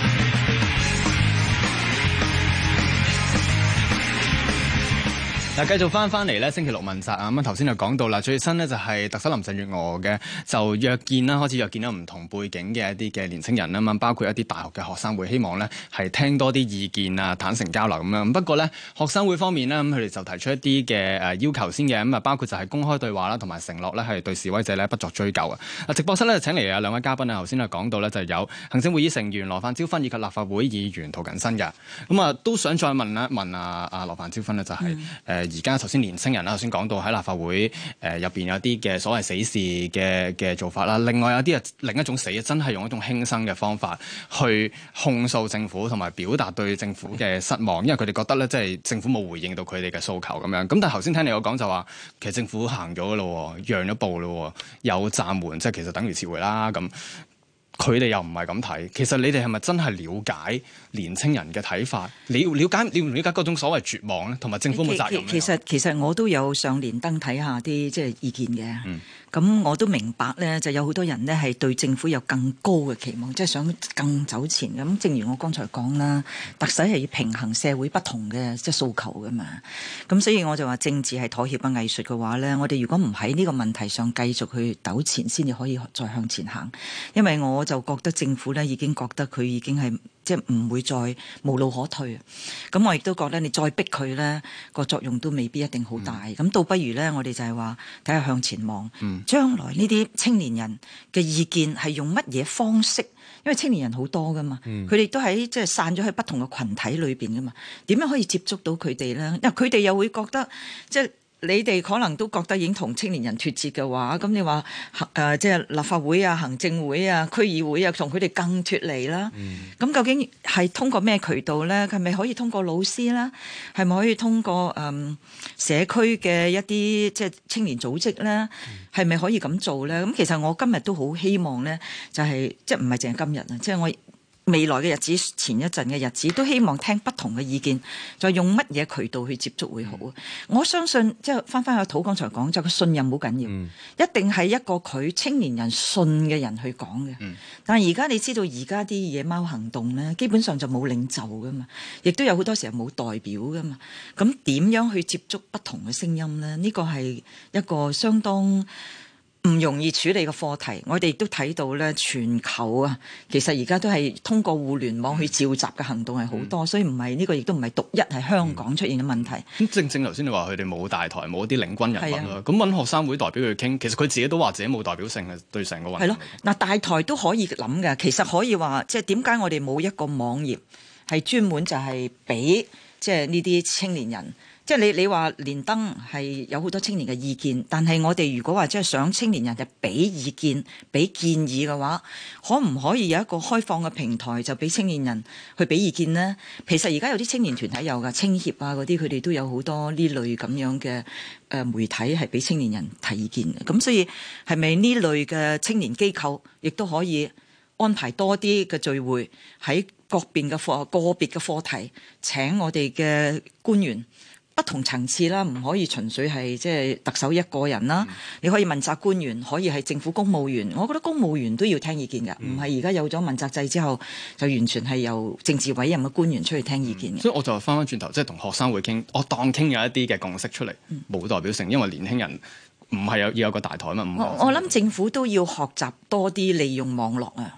繼續翻翻嚟咧，星期六問責啊！咁啊，頭先就講到啦，最新呢就係特首林鄭月娥嘅就約見啦，開始約見到唔同背景嘅一啲嘅年輕人啊嘛，包括一啲大學嘅學生會，希望咧係聽多啲意見啊，坦誠交流咁樣。不過咧，學生會方面呢，咁佢哋就提出一啲嘅誒要求先嘅，咁啊包括就係公開對話啦，同埋承諾咧係對示威者咧不作追究啊！直播室咧請嚟有兩位嘉賓啊，頭先又講到咧就係、有行政會議成員羅范椒芬以及立法會議員涂謹申嘅，咁啊都想再問一問啊啊羅范椒芬呢，就係、係、誒。嗯而家頭先年青人啦，頭先講到喺立法會誒入邊有啲嘅所謂死士嘅嘅做法啦。另外有啲係另一種死，真係用一種輕生嘅方法去控訴政府，同埋表達對政府嘅失望，因為佢哋覺得咧，即係政府冇回應到佢哋嘅訴求咁樣。咁但係頭先聽你有講就話，其實政府行咗嘅咯，讓咗步咯，有暫緩，即係其實等於撤回啦。咁佢哋又唔係咁睇。其實你哋係咪真係了解？年青人嘅睇法，了解了解了解嗰種所謂絕望咧，同埋政府嘅責任其。其實其實我都有上連登睇下啲即係意見嘅。咁、嗯、我都明白咧，就有好多人咧係對政府有更高嘅期望，即、就、係、是、想更走前。咁正如我剛才講啦，特首係要平衡社會不同嘅即係訴求噶嘛。咁所以我就話政治係妥協嘅藝術嘅話咧，我哋如果唔喺呢個問題上繼續去糾纏先至可以再向前行。因為我就覺得政府咧已經覺得佢已經係。即係唔會再無路可退啊！咁我亦都覺得你再逼佢咧，個作用都未必一定好大。咁、嗯、倒不如咧，我哋就係話睇下向前望，將來呢啲青年人嘅意見係用乜嘢方式？因為青年人好多㗎嘛，佢哋、嗯、都喺即係散咗去不同嘅群體裏邊㗎嘛，點樣可以接觸到佢哋咧？因為佢哋又會覺得即係。你哋可能都覺得已經同青年人脱節嘅話，咁你話誒、呃，即係立法會啊、行政會啊、區議會啊，同佢哋更脱離啦。咁、mm. 究竟係通過咩渠道咧？係咪可以通過老師咧？係咪可以通過誒、嗯、社區嘅一啲即係青年組織咧？係咪、mm. 可以咁做咧？咁其實我今日都好希望咧，就係即係唔係淨係今日啊，即係我。未來嘅日子，前一陣嘅日子，都希望聽不同嘅意見，再用乜嘢渠道去接觸會好啊？嗯、我相信即係返返去土，剛才講就個信任好緊要，一定係一個佢青年人信嘅人去講嘅。嗯、但係而家你知道而家啲野貓行動咧，基本上就冇領袖噶嘛，亦都有好多時候冇代表噶嘛。咁點樣去接觸不同嘅聲音咧？呢個係一個相當。唔容易處理嘅課題，我哋亦都睇到咧，全球啊，其實而家都係通過互聯網去召集嘅行動係好多，嗯、所以唔係呢個亦都唔係獨一喺香港出現嘅問題。咁、嗯、正正頭先你話佢哋冇大台，冇一啲領軍人物咯。咁揾、啊、學生會代表佢傾，其實佢自己都話自己冇代表性嘅對成個運。係咯、啊，嗱大台都可以諗嘅，其實可以話即係點解我哋冇一個網頁係專門就係俾即係呢啲青年人。即係你，你話連登係有好多青年嘅意見，但係我哋如果話即係想青年人嘅俾意見俾建議嘅話，可唔可以有一個開放嘅平台，就俾青年人去俾意見咧？其實而家有啲青年團體有噶青協啊，嗰啲佢哋都有好多呢類咁樣嘅誒媒體係俾青年人提意見嘅。咁所以係咪呢類嘅青年機構亦都可以安排多啲嘅聚會，喺各邊嘅課個別嘅課題，請我哋嘅官員。不同層次啦，唔可以純粹係即係特首一個人啦。嗯、你可以問責官員，可以係政府公務員。我覺得公務員都要聽意見嘅，唔係而家有咗問責制之後就完全係由政治委任嘅官員出去聽意見嘅。所以我就翻返轉頭，即係同學生會傾，我當傾有一啲嘅共識出嚟，冇、嗯、代表性，因為年輕人唔係有要有個大台嘛。我我諗政府都要學習多啲利用網絡啊。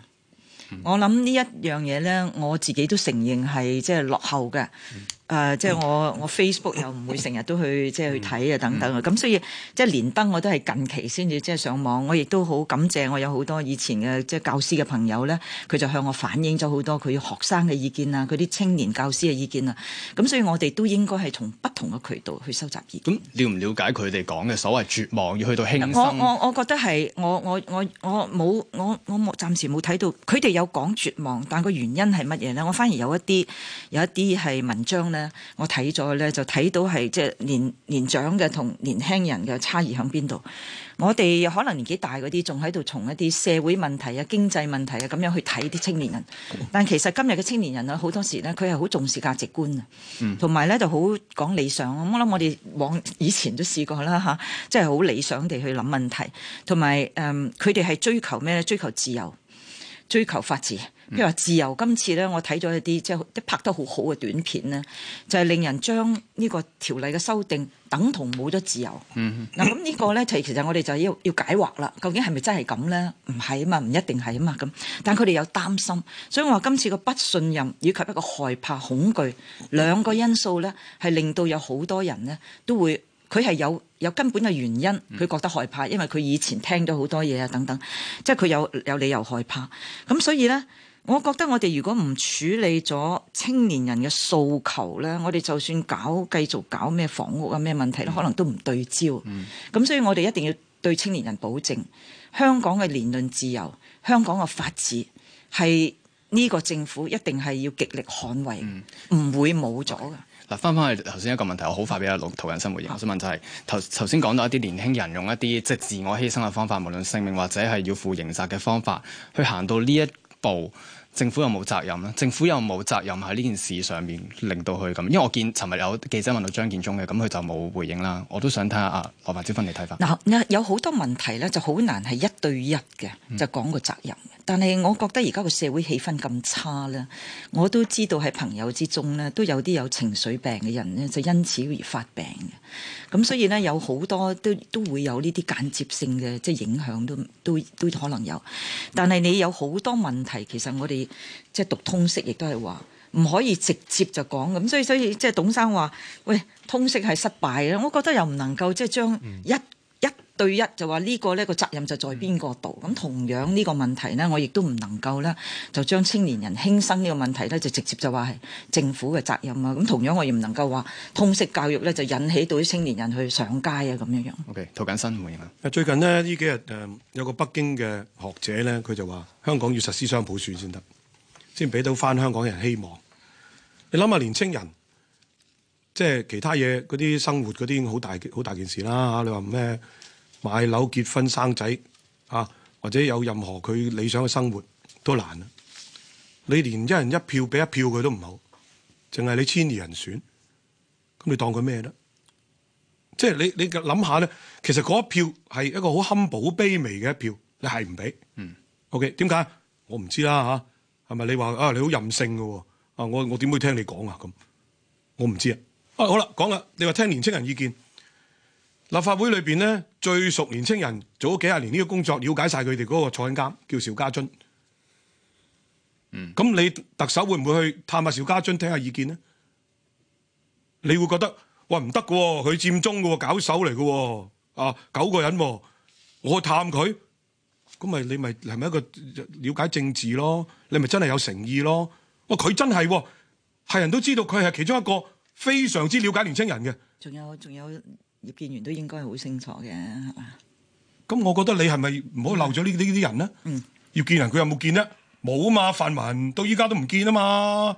嗯、我諗呢一樣嘢呢，我自己都承認係即係落後嘅。嗯誒、呃，即係我、嗯、我 Facebook 又唔會成日都去即係去睇啊等等啊，咁、嗯嗯、所以即係連登我都係近期先至即係上網。我亦都好感謝我有好多以前嘅即係教師嘅朋友咧，佢就向我反映咗好多佢學生嘅意見啊，佢啲青年教師嘅意見啊。咁所以我哋都應該係從不同嘅渠道去收集意見。咁了唔了解佢哋講嘅所謂絕望要去到輕生？我我我覺得係我我我我冇我我，我，我，我暫時冇睇到佢哋有講絕望，但個原因係乜嘢咧？我反而有一啲有一啲係文章。咧，我睇咗咧，就睇到係即係年年長嘅同年輕人嘅差異喺邊度？我哋可能年紀大嗰啲，仲喺度從一啲社會問題啊、經濟問題啊咁樣去睇啲青年人。但其實今日嘅青年人啊，好多時咧，佢係好重視價值觀啊，同埋咧就好講理想。咁我諗我哋往以前都試過啦，吓，即係好理想地去諗問題，同埋誒，佢哋係追求咩咧？追求自由。追求法治，譬如話自由。今次咧，我睇咗一啲即係一拍得好好嘅短片咧，就係、是、令人將呢個條例嘅修訂等同冇咗自由。嗱，咁呢個咧就其實我哋就要要解惑啦。究竟係咪真係咁咧？唔係啊嘛，唔一定係啊嘛咁。但佢哋有擔心，所以我話今次個不信任以及一個害怕恐懼、恐懼兩個因素咧，係令到有好多人咧都會。佢係有有根本嘅原因，佢覺得害怕，因為佢以前聽咗好多嘢啊等等，即係佢有有理由害怕。咁所以呢，我覺得我哋如果唔處理咗青年人嘅訴求呢，我哋就算搞繼續搞咩房屋啊咩問題咧，可能都唔對焦。咁、嗯、所以我哋一定要對青年人保證，香港嘅言論自由，香港嘅法治係呢個政府一定係要極力捍衞，唔、嗯、會冇咗噶。Okay. 嗱，翻返去頭先一個問題，我好快俾阿涂人生回應。啊、我想問就係、是、頭頭先講到一啲年輕人用一啲即係自我犧牲嘅方法，無論性命或者係要付刑責嘅方法，去行到呢一步。政府又冇責任啦，政府又冇責任喺呢件事上面令到佢咁，因為我見尋日有記者問到張建中嘅，咁佢就冇回應啦。我都想睇下啊羅范椒芬嘅睇法。嗱，有好多問題咧，就好難係一對一嘅就講個責任。嗯、但係我覺得而家個社會氣氛咁差咧，我都知道喺朋友之中咧都有啲有情緒病嘅人咧，就因此而發病嘅。咁所以咧有好多都都會有呢啲間接性嘅，即係影響都都都可能有，但係你有好多問題，其實我哋即係讀通識亦都係話唔可以直接就講，咁，所以所以即係董生話：喂，通識係失敗嘅，我覺得又唔能夠即係將一。嗯對一就話呢個呢個責任就在邊個度？咁同樣呢個問題呢，我亦都唔能夠呢，就將青年人輕生呢個問題呢，就直接就話係政府嘅責任啊！咁同樣我亦唔能夠話通識教育呢，就引起到啲青年人去上街啊咁樣樣。Okay. 涂謹申會啊？最近呢，呢幾日有個北京嘅學者呢，佢就話香港要實施雙普選先得，先俾到返香港人希望。你諗下年青人，即係其他嘢嗰啲生活嗰啲好大好大件事啦。你話咩？買樓、結婚、生仔啊，或者有任何佢理想嘅生活都難啦、啊。你連一人一票俾一票佢都唔好，淨係你千二人選，咁你當佢咩咧？即係你你諗下咧，其實嗰一票係一個好堪 u 卑微嘅一票，你係唔俾？嗯，OK，點解？我唔知啦吓、啊，係咪你話啊你好任性嘅？啊，啊我我點會聽你講啊？咁我唔知啊。啊好啦，講啦，你話聽年青人意見。立法會裏邊咧，最熟年青人，做咗幾廿年呢個工作，了解晒佢哋嗰個坐緊監，叫邵家臻。嗯，咁你特首會唔會去探下邵家臻聽下意見呢？你會覺得喂，唔得噶，佢佔中噶，搞手嚟噶，啊，九個人，我去探佢，咁咪你咪係咪一個了解政治咯？你咪真係有誠意咯？哇，佢真係喎，係人都知道佢係其中一個非常之了解年青人嘅。仲有，仲有。葉建源都應該好清楚嘅，係嘛？咁我覺得你係咪唔好漏咗呢呢啲人咧？嗯，葉建、嗯、人佢有冇見咧？冇啊嘛，泛民到依家都唔見啊嘛。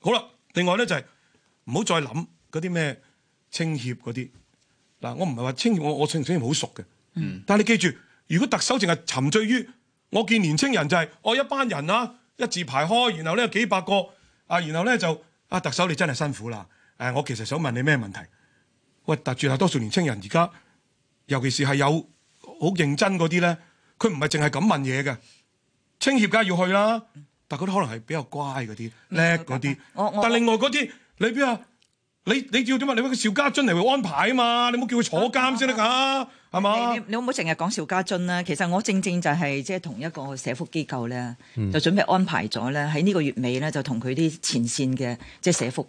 好啦，另外咧就係唔好再諗嗰啲咩青協嗰啲。嗱、啊，我唔係話青協，我我我唔係好熟嘅。嗯。但係你記住，如果特首淨係沉醉於我見年青人就係、是、我、哦、一班人啊一字排開，然後咧幾百個啊，然後咧就啊特首你真係辛苦啦。誒、啊，我其實想問你咩問題？喂，但住下多數年青人而家，尤其是係有好認真嗰啲咧，佢唔係淨係咁問嘢嘅。青協梗係要去啦，但係嗰啲可能係比較乖嗰啲、叻嗰啲。些但另外嗰啲，你邊啊？你你要點啊？你揾個邵家臻嚟安排啊嘛？你冇叫佢坐監先得㗎，係嘛？你你唔好淨係講邵家臻啦。其實我正正就係、是、即係同一個社福機構咧，嗯、就準備安排咗咧喺呢個月尾咧，就同佢啲前線嘅即係社福。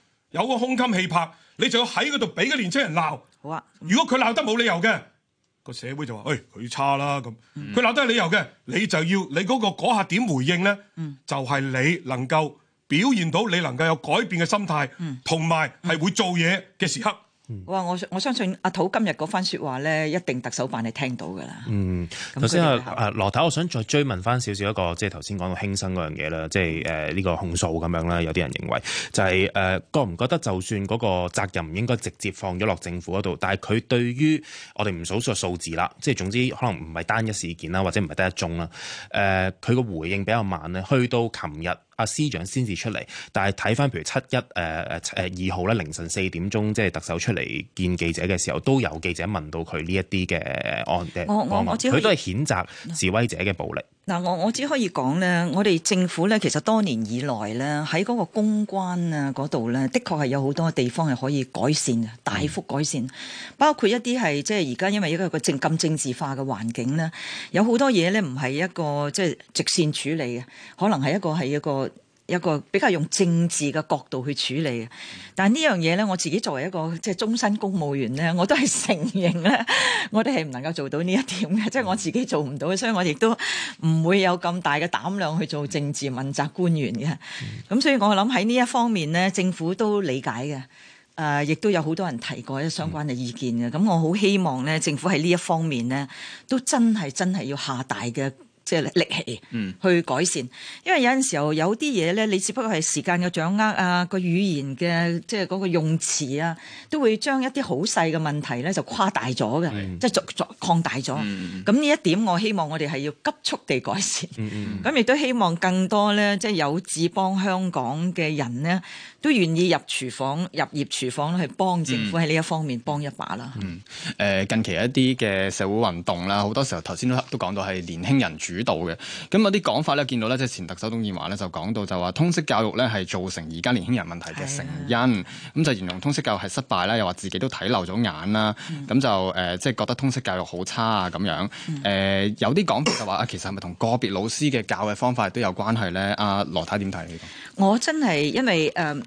有個胸襟氣魄，你就要喺嗰度俾個年青人鬧。好啊，嗯、如果佢鬧得冇理由嘅，個社會就話：誒、欸、佢差啦咁。佢鬧、嗯、得有理由嘅，你就要你嗰個嗰下點回應咧？嗯、就係你能夠表現到你能夠有改變嘅心態，同埋係會做嘢嘅時刻。我我我相信阿土今日嗰番説話咧，一定特首辦你聽到噶啦。嗯，頭先啊羅太，我想再追問翻少少一個，即係頭先講到輕生嗰樣嘢啦，即係誒呢個控訴咁樣啦。有啲人認為就係、是、誒、呃、覺唔覺得，就算嗰個責任唔應該直接放咗落政府嗰度，但係佢對於我哋唔數數數、數字啦，即係總之可能唔係單一事件啦，或者唔係得一宗啦。誒、呃，佢個回應比較慢咧，去到琴日，啊司長先至出嚟，但係睇翻譬如七一、誒誒誒二號咧，凌晨四點鐘，即係特首出嚟見記者嘅時候，都有記者問到佢呢一啲嘅案嘅我我我，佢都係譴責示威者嘅暴力。嗯嗱，我我只可以講咧，我哋政府咧，其實多年以來咧，喺嗰個公關啊嗰度咧，的確係有好多地方係可以改善啊，大幅改善，嗯、包括一啲係即係而家因為一個個政咁政治化嘅環境咧，有好多嘢咧唔係一個即係、就是、直線處理啊，可能係一個係一個。一個比較用政治嘅角度去處理嘅，但係呢樣嘢咧，我自己作為一個即係終身公務員咧，我都係承認咧，我哋係唔能夠做到呢一點嘅，即係、嗯、我自己做唔到，所以我亦都唔會有咁大嘅膽量去做政治問責官員嘅。咁、嗯、所以我諗喺呢一方面咧，政府都理解嘅，誒、呃，亦都有好多人提過相關嘅意見嘅。咁我好希望咧，政府喺呢一方面咧，都真係真係要下大嘅。即係力氣去改善，因為有陣時候有啲嘢咧，你只不過係時間嘅掌握啊，個語言嘅即係嗰個用詞啊，都會將一啲好細嘅問題咧就誇大咗嘅，的即係逐逐擴大咗。咁呢、嗯、一點我希望我哋係要急速地改善。咁亦、嗯、都希望更多咧，即係有志幫香港嘅人咧，都願意入廚房、入業廚房去幫政府喺呢、嗯、一方面幫一把啦。嗯，誒、呃、近期一啲嘅社會運動啦，好多時候頭先都都講到係年輕人主導嘅。咁有啲講法咧，見到咧即係前特首董建華咧就講到就話通識教育咧係造成而家年輕人問題嘅成因。咁、啊嗯、就形容通識教育係失敗啦，又話自己都睇漏咗眼啦。咁就誒即係覺得通識教育好差啊咁樣。誒、嗯嗯、有啲講法就話啊，其實係咪同個別老師嘅教嘅方法都有關係咧？阿、啊、羅太點睇？我真係因為誒。呃呃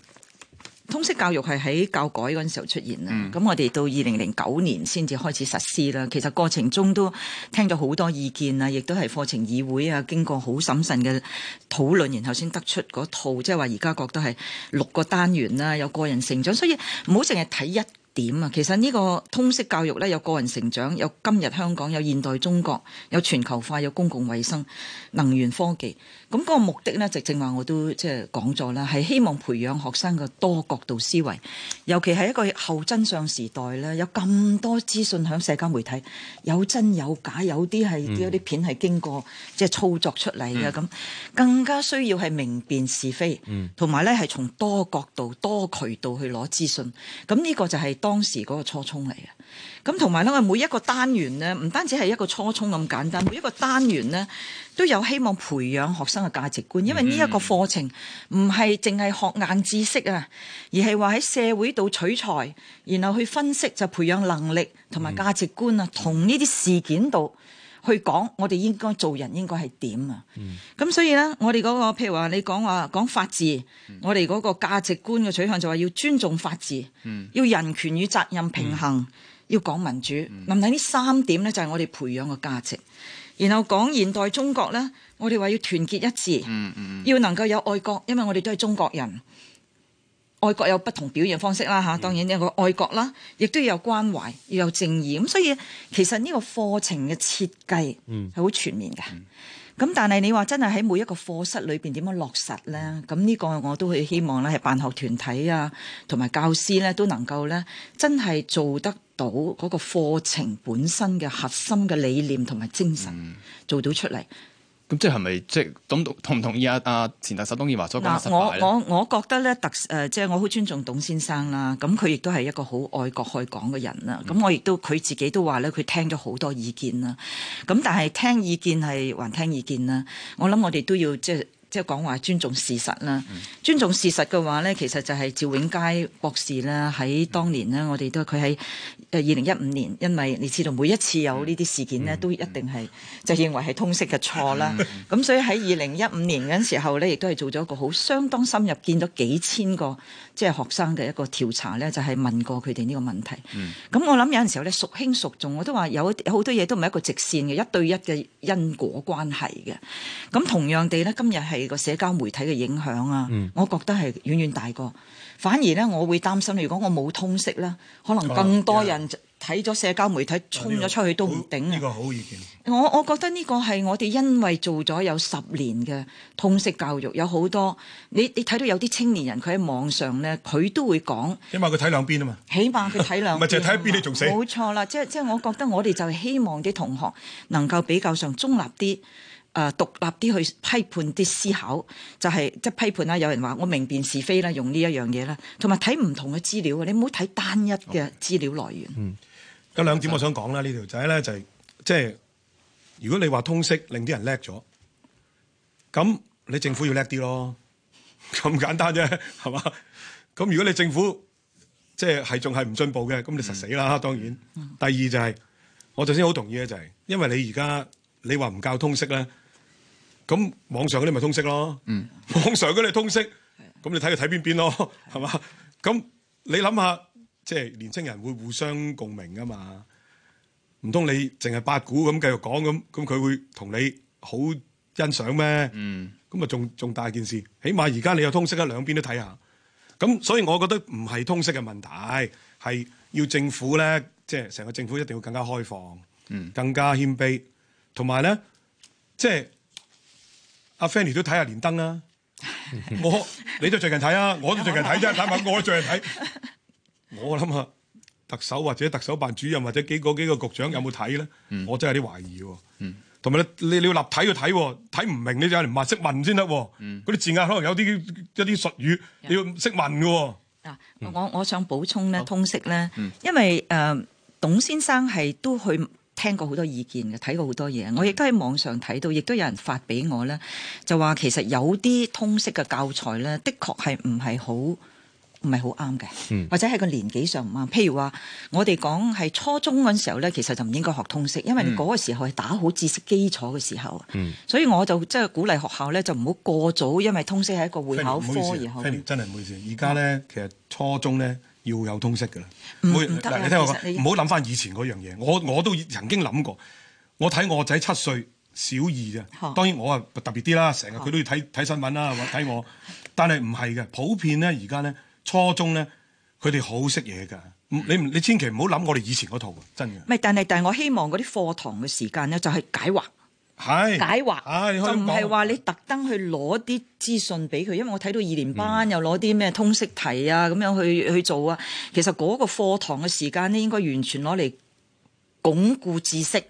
通識教育係喺教改嗰陣時候出現啦，咁、嗯、我哋到二零零九年先至開始實施啦。其實過程中都聽咗好多意見啊，亦都係課程議會啊經過好審慎嘅討論，然後先得出嗰套，即係話而家覺得係六個單元啦，有個人成長，所以唔好淨係睇一點啊。其實呢個通識教育咧，有個人成長，有今日香港，有現代中國，有全球化，有公共衛生、能源科技。咁嗰個目的咧，直正話我都即係講咗啦，係希望培養學生嘅多角度思維，尤其係一個後真相時代咧，有咁多資訊喺社交媒體，有真有假，有啲係有啲片係經過即係操作出嚟嘅咁，嗯、更加需要係明辨是非，同埋咧係從多角度、多渠道去攞資訊。咁呢個就係當時嗰個初衷嚟嘅。咁同埋咧，我哋每一個單元咧，唔單止係一個初衷咁簡單，每一個單元咧。都有希望培養學生嘅價值觀，因為呢一個課程唔係淨係學硬知識啊，而係話喺社會度取材，然後去分析就培養能力同埋價值觀啊，同呢啲事件度去講我哋應該做人應該係點啊。咁、嗯、所以咧，我哋嗰、嗰個譬如話你講話講法治，嗯、我哋嗰個價值觀嘅取向就話要尊重法治，嗯、要人權與責任平衡，嗯、要講民主。諗睇呢三點咧，就係我哋培養嘅價值。然後講現代中國咧，我哋話要團結一致，嗯嗯、要能夠有愛國，因為我哋都係中國人。愛國有不同表現方式啦，吓，當然呢個愛國啦，亦都要有關懷，要有正義。咁所以其實呢個課程嘅設計係好全面嘅。嗯嗯咁但係你話真係喺每一個課室裏邊點樣落實呢？咁呢個我都係希望呢，係辦學團體啊，同埋教師呢，都能夠呢真係做得到嗰個課程本身嘅核心嘅理念同埋精神做到出嚟。嗯咁即係咪即係董同唔同，同意阿、啊、阿、啊、前特首董建華所講失敗、啊、我我我覺得咧，特誒、呃、即係我好尊重董先生啦。咁佢亦都係一個好愛國愛港嘅人啦。咁我亦都佢自己都話咧，佢聽咗好多意見啦。咁但係聽意見係還聽意見啦。我諗我哋都要即係。即係講話尊重事實啦，尊重事實嘅話咧，其實就係趙永佳博士啦，喺當年咧，我哋都佢喺誒二零一五年，因為你知道每一次有呢啲事件咧，嗯嗯、都一定係、嗯、就認為係通識嘅錯啦。咁、嗯、所以喺二零一五年陣時候咧，亦都係做咗一個好相當深入，見到幾千個即係學生嘅一個調查咧，就係、是、問過佢哋呢個問題。咁、嗯、我諗有陣時候咧，孰輕孰重，我都話有好多嘢都唔係一個直線嘅，一對一嘅因果關係嘅。咁同樣地咧，今日係。個社交媒體嘅影響啊，嗯、我覺得係遠遠大過。反而咧，我會擔心。如果我冇通識咧，可能更多人睇咗社交媒體衝咗、嗯、出去都唔頂。呢個好意見。我我覺得呢個係我哋因為做咗有十年嘅通識教育，有好多你你睇到有啲青年人佢喺網上咧，佢都會講。起碼佢睇兩邊啊嘛。起碼佢睇兩邊。唔係就睇一邊你仲死。冇錯啦，即係即係我覺得我哋就係希望啲同學能夠比較上中立啲。誒、呃、獨立啲去批判啲思考，就係、是、即係批判啦。有人話我明辨是非啦，用呢一樣嘢啦，同埋睇唔同嘅資料，你唔好睇單一嘅資料來源。嗯，有、嗯、兩點我想講啦，呢、嗯、條仔咧就係、是、即係如果你話通識令啲人叻咗，咁你政府要叻啲咯，咁簡單啫，係嘛？咁如果你政府即係係仲係唔進步嘅，咁你實死啦，當然。嗯嗯、第二就係、是、我頭先好同意咧，就係、是、因為你而家你話唔教通識咧。咁網上嗰啲咪通識咯，嗯、網上嗰啲通識，咁你睇佢睇邊邊咯，係嘛？咁你諗下，即係年青人會互相共鳴㗎嘛，唔通你淨係八股咁繼續講咁，咁佢會同你好欣賞咩？咁啊、嗯，仲仲大件事，起碼而家你有通識咧，兩邊都睇下。咁所以我覺得唔係通識嘅問題，係要政府咧，即係成個政府一定要更加開放，嗯、更加謙卑，同埋咧，即係。阿 Fanny 都睇下連登啦、啊， *laughs* 我你都最近睇啊，我都最近睇啫、啊，睇埋 *laughs* 我都最近睇。 *laughs* 我諗下特首或者特首辦主任或者幾嗰幾個局長有冇睇咧？嗯、我真係有啲懷疑、啊。同埋、嗯、你你你要立體去睇、啊，睇唔明你就嚟問、啊，識問先得。嗰啲字眼可能有啲一啲術語，你要識問嘅。嗱、嗯，我我想補充咧，通識咧，嗯、因為誒董先生係都去。嗯嗯聽過好多意見嘅，睇過好多嘢，我亦都喺網上睇到，亦都有人發俾我咧，就話其實有啲通識嘅教材咧，的確係唔係好唔係好啱嘅，嗯、或者係個年紀上唔啱。譬如話我哋講係初中嗰陣時候咧，其實就唔應該學通識，因為嗰個時候係打好知識基礎嘅時候。嗯，所以我就即係、就是、鼓勵學校咧，就唔好過早，因為通識係一個會考科而。唔好意思，Fanny，真係唔好意思。而家咧，其實初中咧。要有通識噶啦，唔得，你聽我講，唔好諗翻以前嗰樣嘢。我我都曾經諗過，我睇我仔七歲小二啫， *laughs* 當然我啊特別啲啦，成日佢都要睇睇新聞啦，睇我，但係唔係嘅，普遍咧而家咧初中咧，佢哋好識嘢噶，你你千祈唔好諗我哋以前嗰套，真嘅。咪但係但係我希望嗰啲課堂嘅時間咧就係、是、解惑。是解惑、啊、就唔係話你特登去攞啲資訊俾佢，因為我睇到二年班又攞啲咩通識題啊咁、嗯、樣去去做啊，其實嗰個課堂嘅時間咧應該完全攞嚟鞏固知識。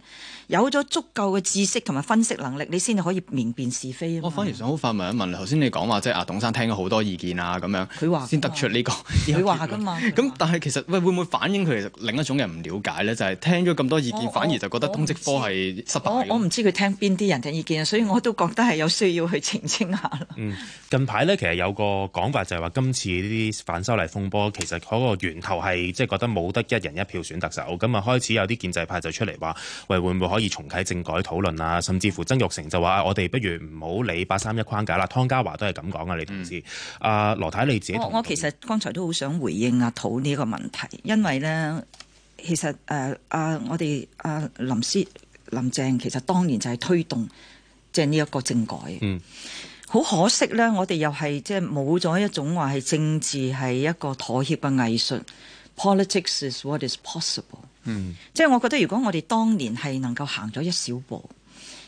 有咗足夠嘅知識同埋分析能力，你先至可以明辨是非。我、哦、反而想好快問一問，頭先你講話即係啊，董生聽咗好多意見啊，咁樣佢話先得出呢、這個佢話㗎嘛，咁 *laughs* 但係其實喂，會唔會反映佢另一種人唔了解呢？就係、是、聽咗咁多意見，哦、反而就覺得通識科係失敗，我唔知佢聽邊啲人嘅意見，所以我都覺得係有需要去澄清下、嗯、近排呢，其實有個講法就係話，今次呢啲反修例風波其實嗰個源頭係即係覺得冇得一人一票選特首，咁啊開始有啲建制派就出嚟話，喂，喂會唔會？可以重啟政改討論啊，甚至乎曾玉成就話：我哋不如唔好理八三一框架啦。湯家驊都係咁講啊，你同志。阿、嗯、羅太你自己同我，我其實剛才都好想回應阿涂呢一個問題，因為呢，其實誒，阿、呃啊、我哋阿、啊、林思林鄭其實當年就係推動即係呢一個政改。嗯，好可惜呢，我哋又係即係冇咗一種話係政治係一個妥協嘅藝術。Politics is what is possible。嗯，即係我覺得如果我哋當年係能夠行咗一小步，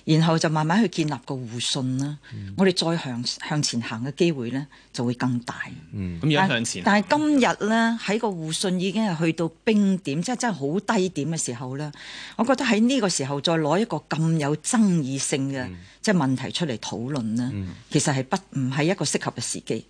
然後就慢慢去建立個互信啦，嗯、我哋再向向前行嘅機會呢就會更大。嗯，咁而家向前，但係今日呢，喺個互信已經係去到冰點，即係真係好低點嘅時候呢，我覺得喺呢個時候再攞一個咁有爭議性嘅。嗯即係問題出嚟討論啦，其實係不唔係一個適合嘅時機，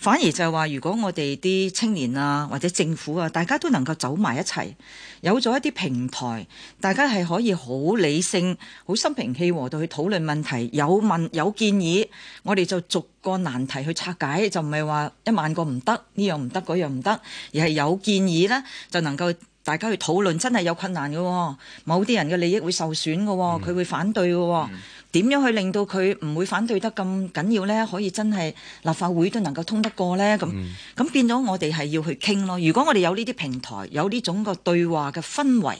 反而就係話，如果我哋啲青年啊，或者政府啊，大家都能夠走埋一齊，有咗一啲平台，大家係可以好理性、好心平氣和到去討論問題，有問有建議，我哋就逐個難題去拆解，就唔係話一萬個唔得，呢樣唔得，嗰樣唔得，而係有建議呢，就能夠。大家去討論真係有困難㗎喎，某啲人嘅利益會受損㗎喎，佢、嗯、會反對㗎喎。點、嗯、樣去令到佢唔會反對得咁緊要呢？可以真係立法會都能夠通得過呢？咁咁、嗯、變咗我哋係要去傾咯。如果我哋有呢啲平台，有呢種個對話嘅氛圍。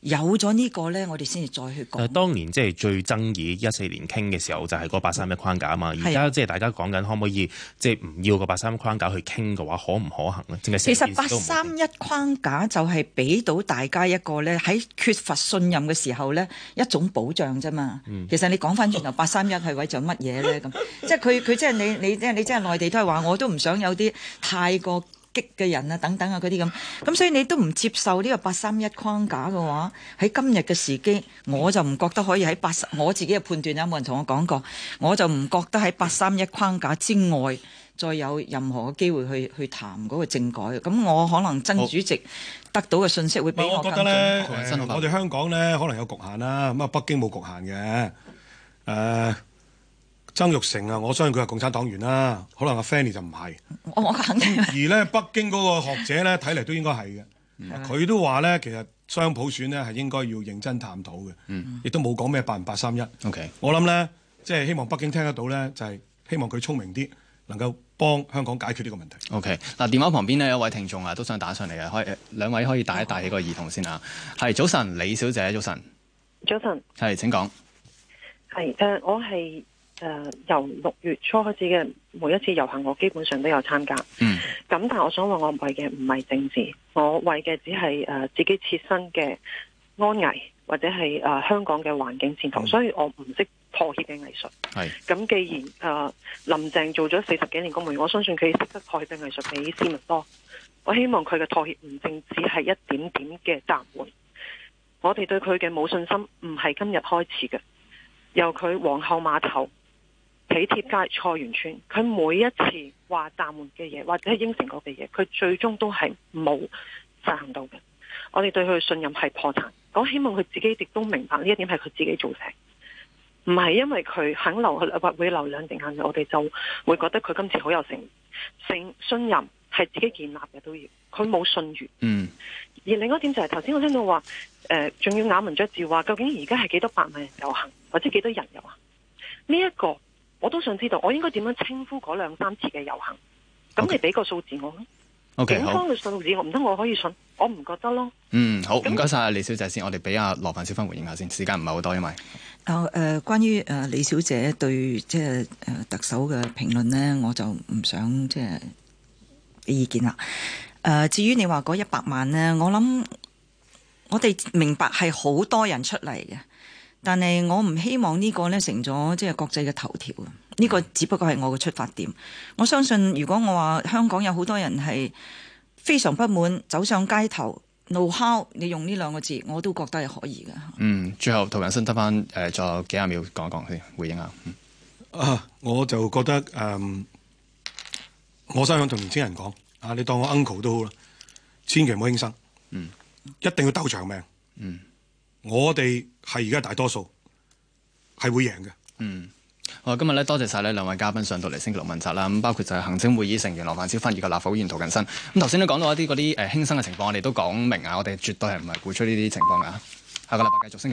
有咗呢個咧，我哋先至再去講。當年即係最爭議，一四年傾嘅時候就係嗰八三一框架啊嘛。而家即係大家講緊可唔可以即係唔要個八三一框架去傾嘅話，可唔可行咧？淨係其實八三一框架就係俾到大家一個咧，喺缺乏信任嘅時候咧，一種保障啫嘛。嗯、其實你講翻轉頭，八三一係為咗乜嘢咧？咁 *laughs* 即係佢佢即係你你即係你即係內地都係話，我都唔想有啲太過激嘅人啊，等等啊，嗰啲咁，咁所以你都唔接受呢個八三一框架嘅話，喺今日嘅時機，我就唔覺得可以喺八十，我自己嘅判斷，有冇人同我講過，我就唔覺得喺八三一框架之外，再有任何嘅機會去去談嗰個政改。咁我可能曾主席得到嘅信息會比我覺得呢。我哋香港咧可能有局限啦，咁啊北京冇局限嘅，誒、呃。曾鈺成啊，我相信佢係共產黨員啦，可能阿 Fanny 就唔係。我肯定。而咧，北京嗰個學者咧，睇嚟 *laughs* 都應該係嘅。佢、mm hmm. 啊、都話咧，其實雙普選咧係應該要認真探討嘅。亦、mm hmm. 都冇講咩八八三一。O K。我諗咧，即係希望北京聽得到咧，就係、是、希望佢聰明啲，能夠幫香港解決呢個問題。O K。嗱，電話旁邊呢，有一位聽眾啊，都想打上嚟嘅。可以兩位可以帶一帶呢個兒童先啊。係，早晨，李小姐，早晨。早晨。係，請講。係，誒，我係。誒、呃，由六月初開始嘅每一次遊行，我基本上都有參加。嗯，咁但係我想話，我為嘅唔係政治，我為嘅只係誒、呃、自己切身嘅安危，或者係誒、呃、香港嘅環境前途。嗯、所以我唔識妥協嘅藝術。係，咁既然誒、呃、林鄭做咗四十幾年公務員，我相信佢識得妥協嘅藝術比市民多。我希望佢嘅妥協唔淨只係一點點嘅暫緩。我哋對佢嘅冇信心，唔係今日開始嘅，由佢皇后碼頭喜帖街、菜園村，佢每一次話暫緩嘅嘢，或者應承過嘅嘢，佢最終都係冇實行到嘅。我哋對佢嘅信任係破產。我希望佢自己亦都明白呢一點係佢自己造成，唔係因為佢肯留或會留兩定限，我哋就會覺得佢今次好有誠信，信任係自己建立嘅都要。佢冇信譽。嗯。而另一點就係頭先我聽到話，誒、呃，仲要咬文嚼字話，究竟而家係幾多百萬人遊行，或者幾多人遊行。呢、這、一個。我都想知道，我應該點樣稱呼嗰兩三次嘅遊行？咁 Okay. 你俾個數字我咯。Okay, 警方嘅數字我唔得，好我可以信，我唔覺得咯。嗯，好，唔該晒李小姐、嗯、先，我哋俾阿羅范椒芬回應下先，時間唔係好多，因為啊，誒、呃，關於誒、呃、李小姐對即係誒特首嘅評論呢，我就唔想即係俾意見啦。誒、呃呃，至於你話嗰一百萬呢，我諗我哋明白係好多人出嚟嘅。但係我唔希望呢個呢成咗即係國際嘅頭條啊！呢、呢個只不過係我嘅出發點。我相信如果我話香港有好多人係非常不滿走上街頭怒吼，no、How, 你用呢兩個字我都覺得係可以嘅。嗯，最後涂謹申得翻誒，仲有、呃、幾廿秒講一講先，回應下。嗯、啊，我就覺得誒、嗯，我想同年輕人講啊，你當我 uncle 都好啦，千祈唔好輕生，嗯，一定要鬥長命，嗯。我哋係而家大多數係會贏嘅。嗯，好，今日咧，多謝晒呢兩位嘉賓上到嚟星期六問責啦。咁包括就係行政會議成員羅范椒芬以及立法會議員涂謹申。咁頭先都講到一啲嗰啲誒輕生嘅情況，我哋都講明啊，我哋絕對係唔係鼓吹呢啲情況噶。 *noise* 下個禮拜繼續星